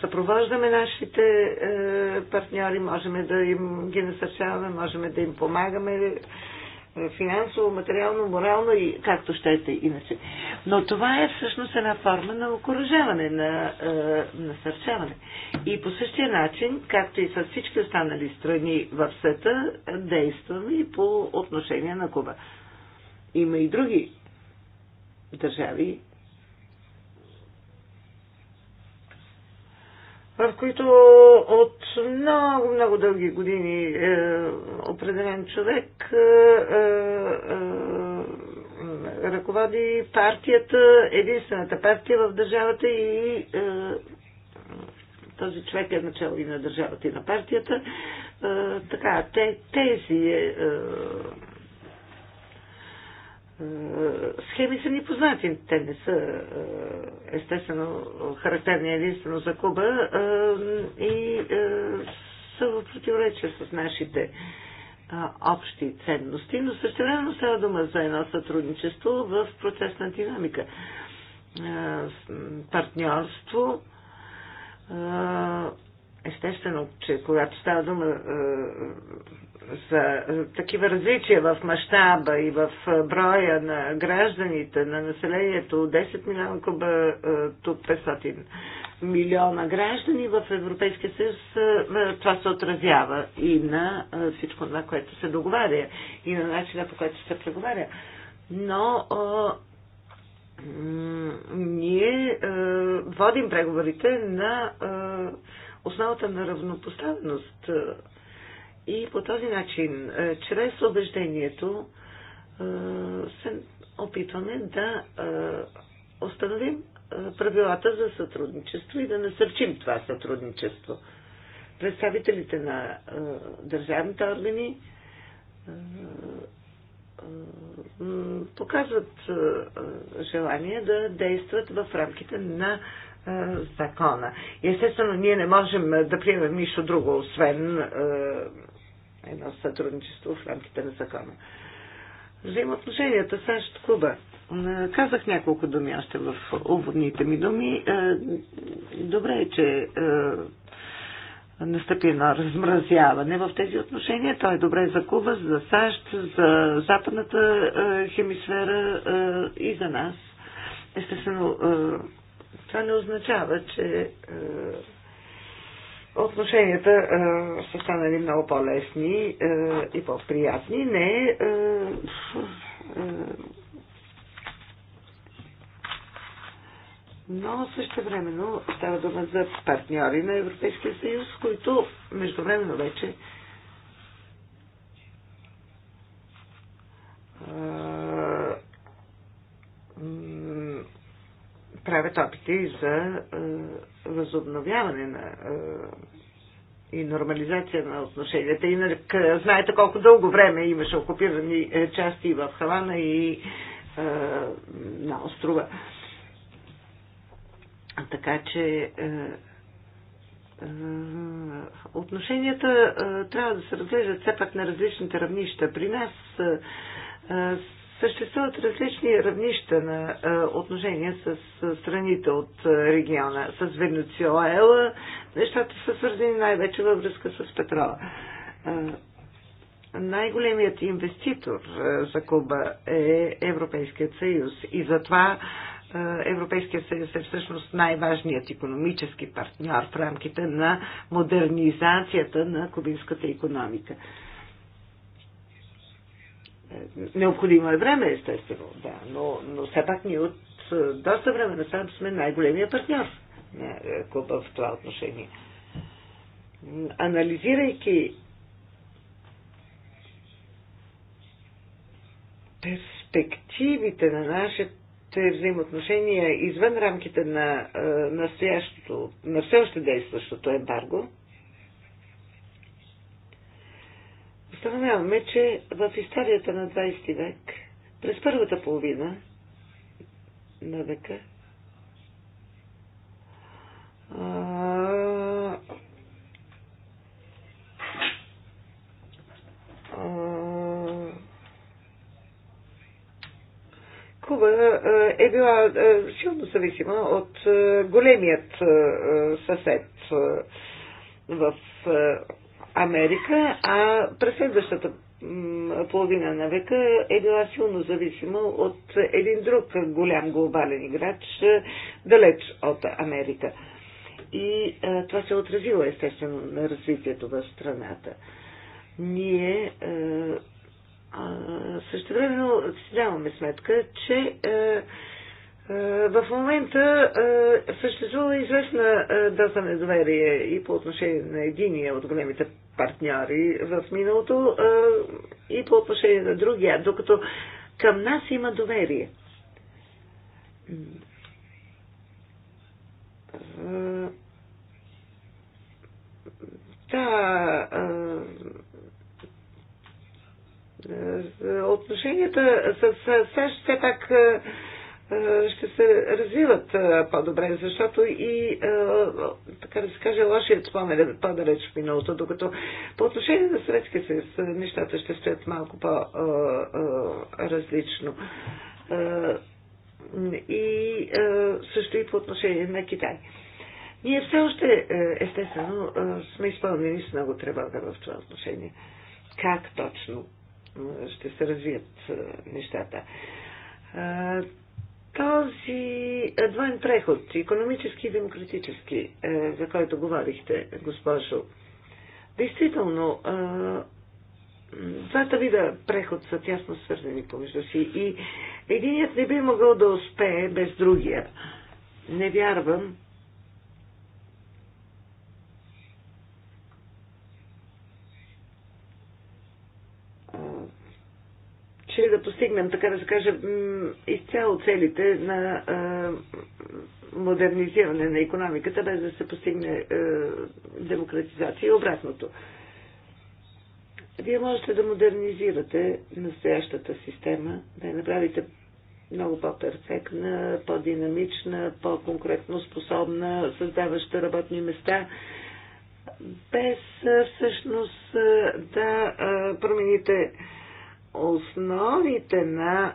Speaker 2: съпровождаме нашите е, партньори, можем да им ги насърчаваме, можем да им помагаме е, финансово, материално, морално и както щете иначе. Но това е всъщност една форма на окоръжаване, на е, насърчаване. И по същия начин, както и с всички останали страни в света, действаме и по отношение на Куба. Има и други държави, в които от много, много дълги години е, определен човек е, е, е, ръководи партията, единствената партия в държавата и е, този човек е начало и на държавата и на партията. Е, така, те, тези е, е, схеми са ни познати. Те не са е, естествено характерни единствено за Куба е, и са в противоречие с нашите общи ценности, но същевременно става дума за едно сътрудничество в процесна динамика. Партньорство. Естествено, че когато става дума за е, такива различия в мащаба и в е, броя на гражданите, на населението, 10 милиона куба, е, тук 500 милиона граждани в Европейския съюз, това се отразява и на всичко това, което се договаря, и на начина по който се преговаря. Но ние водим преговорите на основата на равнопоставеност и по този начин, е, чрез убеждението, е, се опитваме да е, установим правилата за сътрудничество и да насърчим това сътрудничество. Представителите на държавните органи показват желание да действат в рамките на закона. Естествено, ние не можем да приемем нищо друго, освен едно сътрудничество в рамките на закона. Взаимоотношенията САЩ-Куба. Казах няколко думи още в уводните ми думи. Е, добре е, че е, настъпи едно размразяване в тези отношения. Той е добре за Куба, за САЩ, за западната е, хемисфера и за нас. Естествено, това не означава, че отношенията е, са станали много по-лесни е, и по-приятни. Не е, е но също времено става дума за партньори на Европейския съюз, които междувременно вече правят опити за възобновяване на е, и нормализация на отношенията. Инак, нали, знаете колко дълго време имаше окупирани е, части и в Хавана и е, на острова. Така че отношенията трябва да се разглеждат все пак на различните равнища. При нас Съществуват различни равнища на отношения с страните от региона. С Венецуела нещата са свързани най-вече във връзка с петрола. Най-големият инвеститор за Куба е Европейският съюз и затова Европейския съюз е всъщност най-важният економически партньор в рамките на модернизацията на кубинската економика. Необходимо е време, естествено, да, но, но все пак ние от е, доста време насам сме най-големия партньор на е, е, клуба в това отношение. Анализирайки перспективите на нашите взаимоотношения извън рамките на настоящото, на все още действащото ембарго, установяваме, че в историята на 20 век, през първата половина на века, Куба е била силно зависима от големият съсед в Америка, а през следващата половина на века е била силно зависима от един друг голям глобален играч, е, далеч от Америка. И а, е, това се е отразило естествено на развитието в страната. Ние а, а, също времено си даваме сметка, че а, в момента съществува известна доза недоверие и по отношение на единия от големите партньори в миналото и по отношение на другия, докато към нас има доверие. а, отношенията с САЩ все пак е, ще се развиват е, по-добре, защото и, е, така да се каже, лошият спомен е по-далеч в миналото, докато по отношение на Съветския съюз нещата ще стоят малко по-различно. И също и по отношение на Китай. Ние все още, естествено, сме изпълнени с много тревога в това отношение. Как точно ще се развият нещата? Този е, двоен преход, економически и демократически, е, за който говорихте, госпожо, действително е, двата вида преход са тясно свързани помежду си и единият не би могъл да успее без другия. Не вярвам, решили да постигнем, така да се каже, изцяло целите на модернизиране на економиката, без да се постигне демократизация и обратното. Вие можете да модернизирате настоящата система, да я направите много по-перфектна, по-динамична, по-конкретно способна, създаваща работни места, без всъщност да промените основите на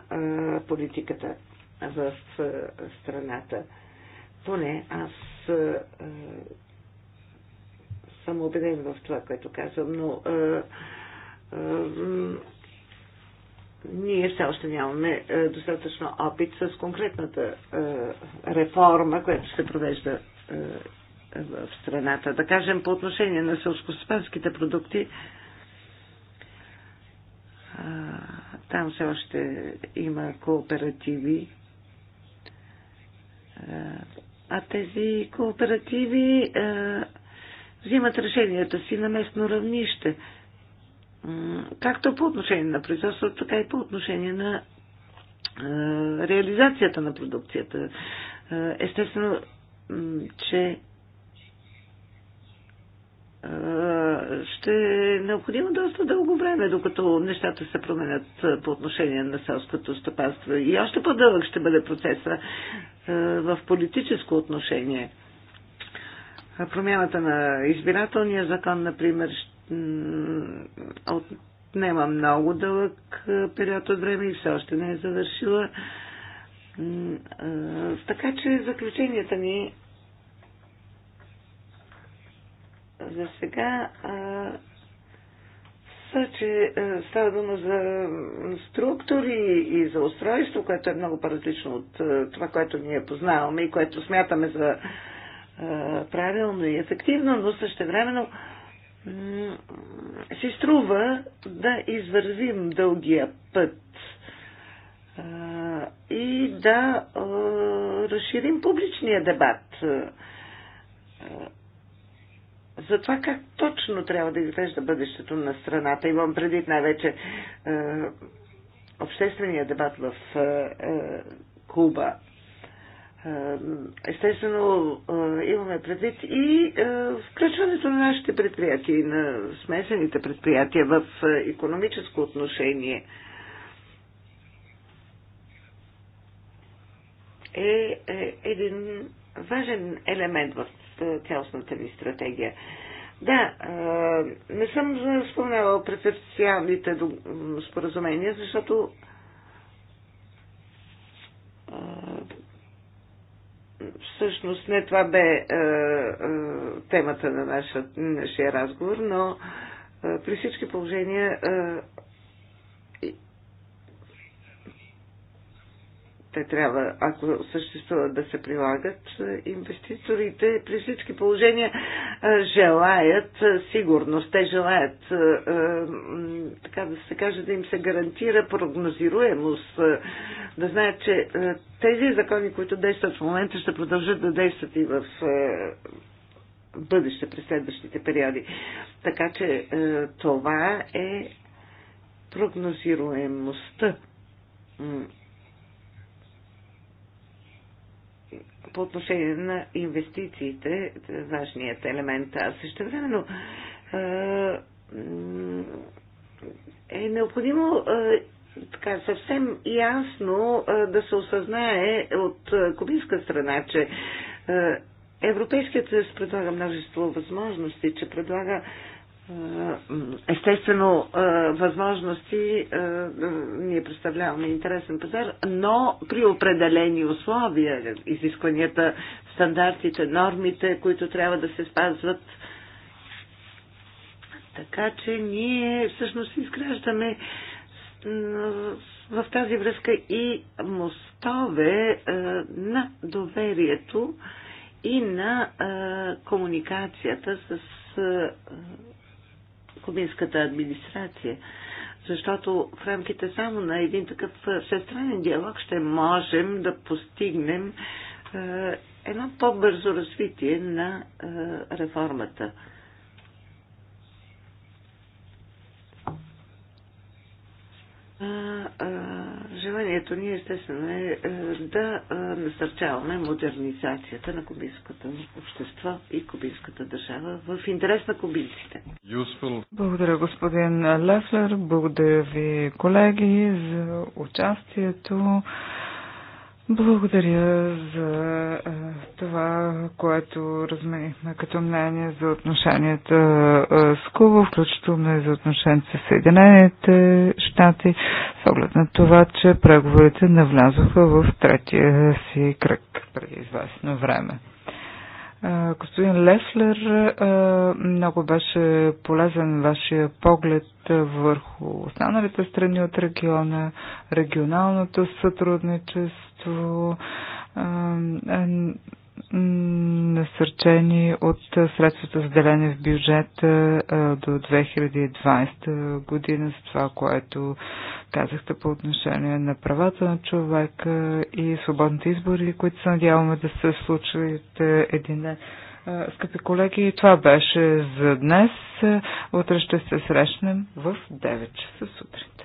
Speaker 2: политиката в страната. Поне аз съм убеден в това, което казвам, но ние все още нямаме достатъчно опит с конкретната реформа, която се провежда в страната. Да кажем, по отношение на селскостопанските продукти, там все още има кооперативи. А тези кооперативи взимат решенията си на местно равнище. Както по отношение на производството, така и по отношение на реализацията на продукцията. Естествено, че ще е необходимо доста дълго време, докато нещата се променят по отношение на селското стопанство. И още по-дълъг ще бъде процеса в политическо отношение. Промяната на избирателния закон, например, отнема много дълъг период от време и все още не е завършила. Така че заключенията ни За сега са, че става дума за структури и за устройство, което е много по-различно от това, което ние познаваме и което смятаме за правилно и ефективно, но същевременно си струва да извървим дългия път и да разширим публичния дебат за това как точно трябва да изглежда бъдещето на страната. Имам предвид най-вече е, обществения дебат в е, е, Куба. Е, естествено, е, имаме предвид и е, включването на нашите предприятия на смесените предприятия в економическо отношение е един важен елемент в цялостната ви стратегия. Да, не съм спомняла преференциалните споразумения, защото всъщност не това бе а, а, темата на нашия, нашия разговор, но а, при всички положения А, те трябва, ако съществуват, да се прилагат. Инвеститорите при всички положения желаят сигурност. Те желаят, така да се каже, да им се гарантира прогнозируемост, да знаят, че тези закони, които действат в момента, ще продължат да действат и в бъдеще, през следващите периоди. Така че това е прогнозируемостта по отношение на инвестициите, е важният елемент. А също времено е, е необходимо е, така съвсем ясно да се осъзнае от кубинска страна, че Европейският съюз предлага множество възможности, че предлага е, естествено е, възможности е, ние представляваме интересен пазар, но при определени условия, изискванията, стандартите, нормите, които трябва да се спазват. Така че ние всъщност изграждаме в тази връзка и мостове на доверието и на комуникацията с кубинската администрация. Защото в рамките само на един такъв всестранен диалог ще можем да постигнем едно по-бързо развитие на реформата. А, а, желанието ни естествено е, е да е, насърчаваме модернизацията на кубинското общество и кубинската държава в интерес на кубинците.
Speaker 3: Благодаря господин Лефлер, благодаря ви колеги за участието. Благодаря за това, което разменихме като мнение за отношенията с Куба, включително и за отношенията с Съединените щати, с оглед на това, че преговорите навлязоха в третия си кръг преди известно време. Господин Леслер, много беше полезен вашия поглед върху останалите страни от региона, регионалното сътрудничество насърчени от средствата деление в бюджета до 2020 година с това, което казахте по отношение на правата на човека и свободните избори, които се надяваме да се случат един ден. Скъпи колеги, това беше за днес. Утре ще се срещнем в
Speaker 1: 9 часа сутринта.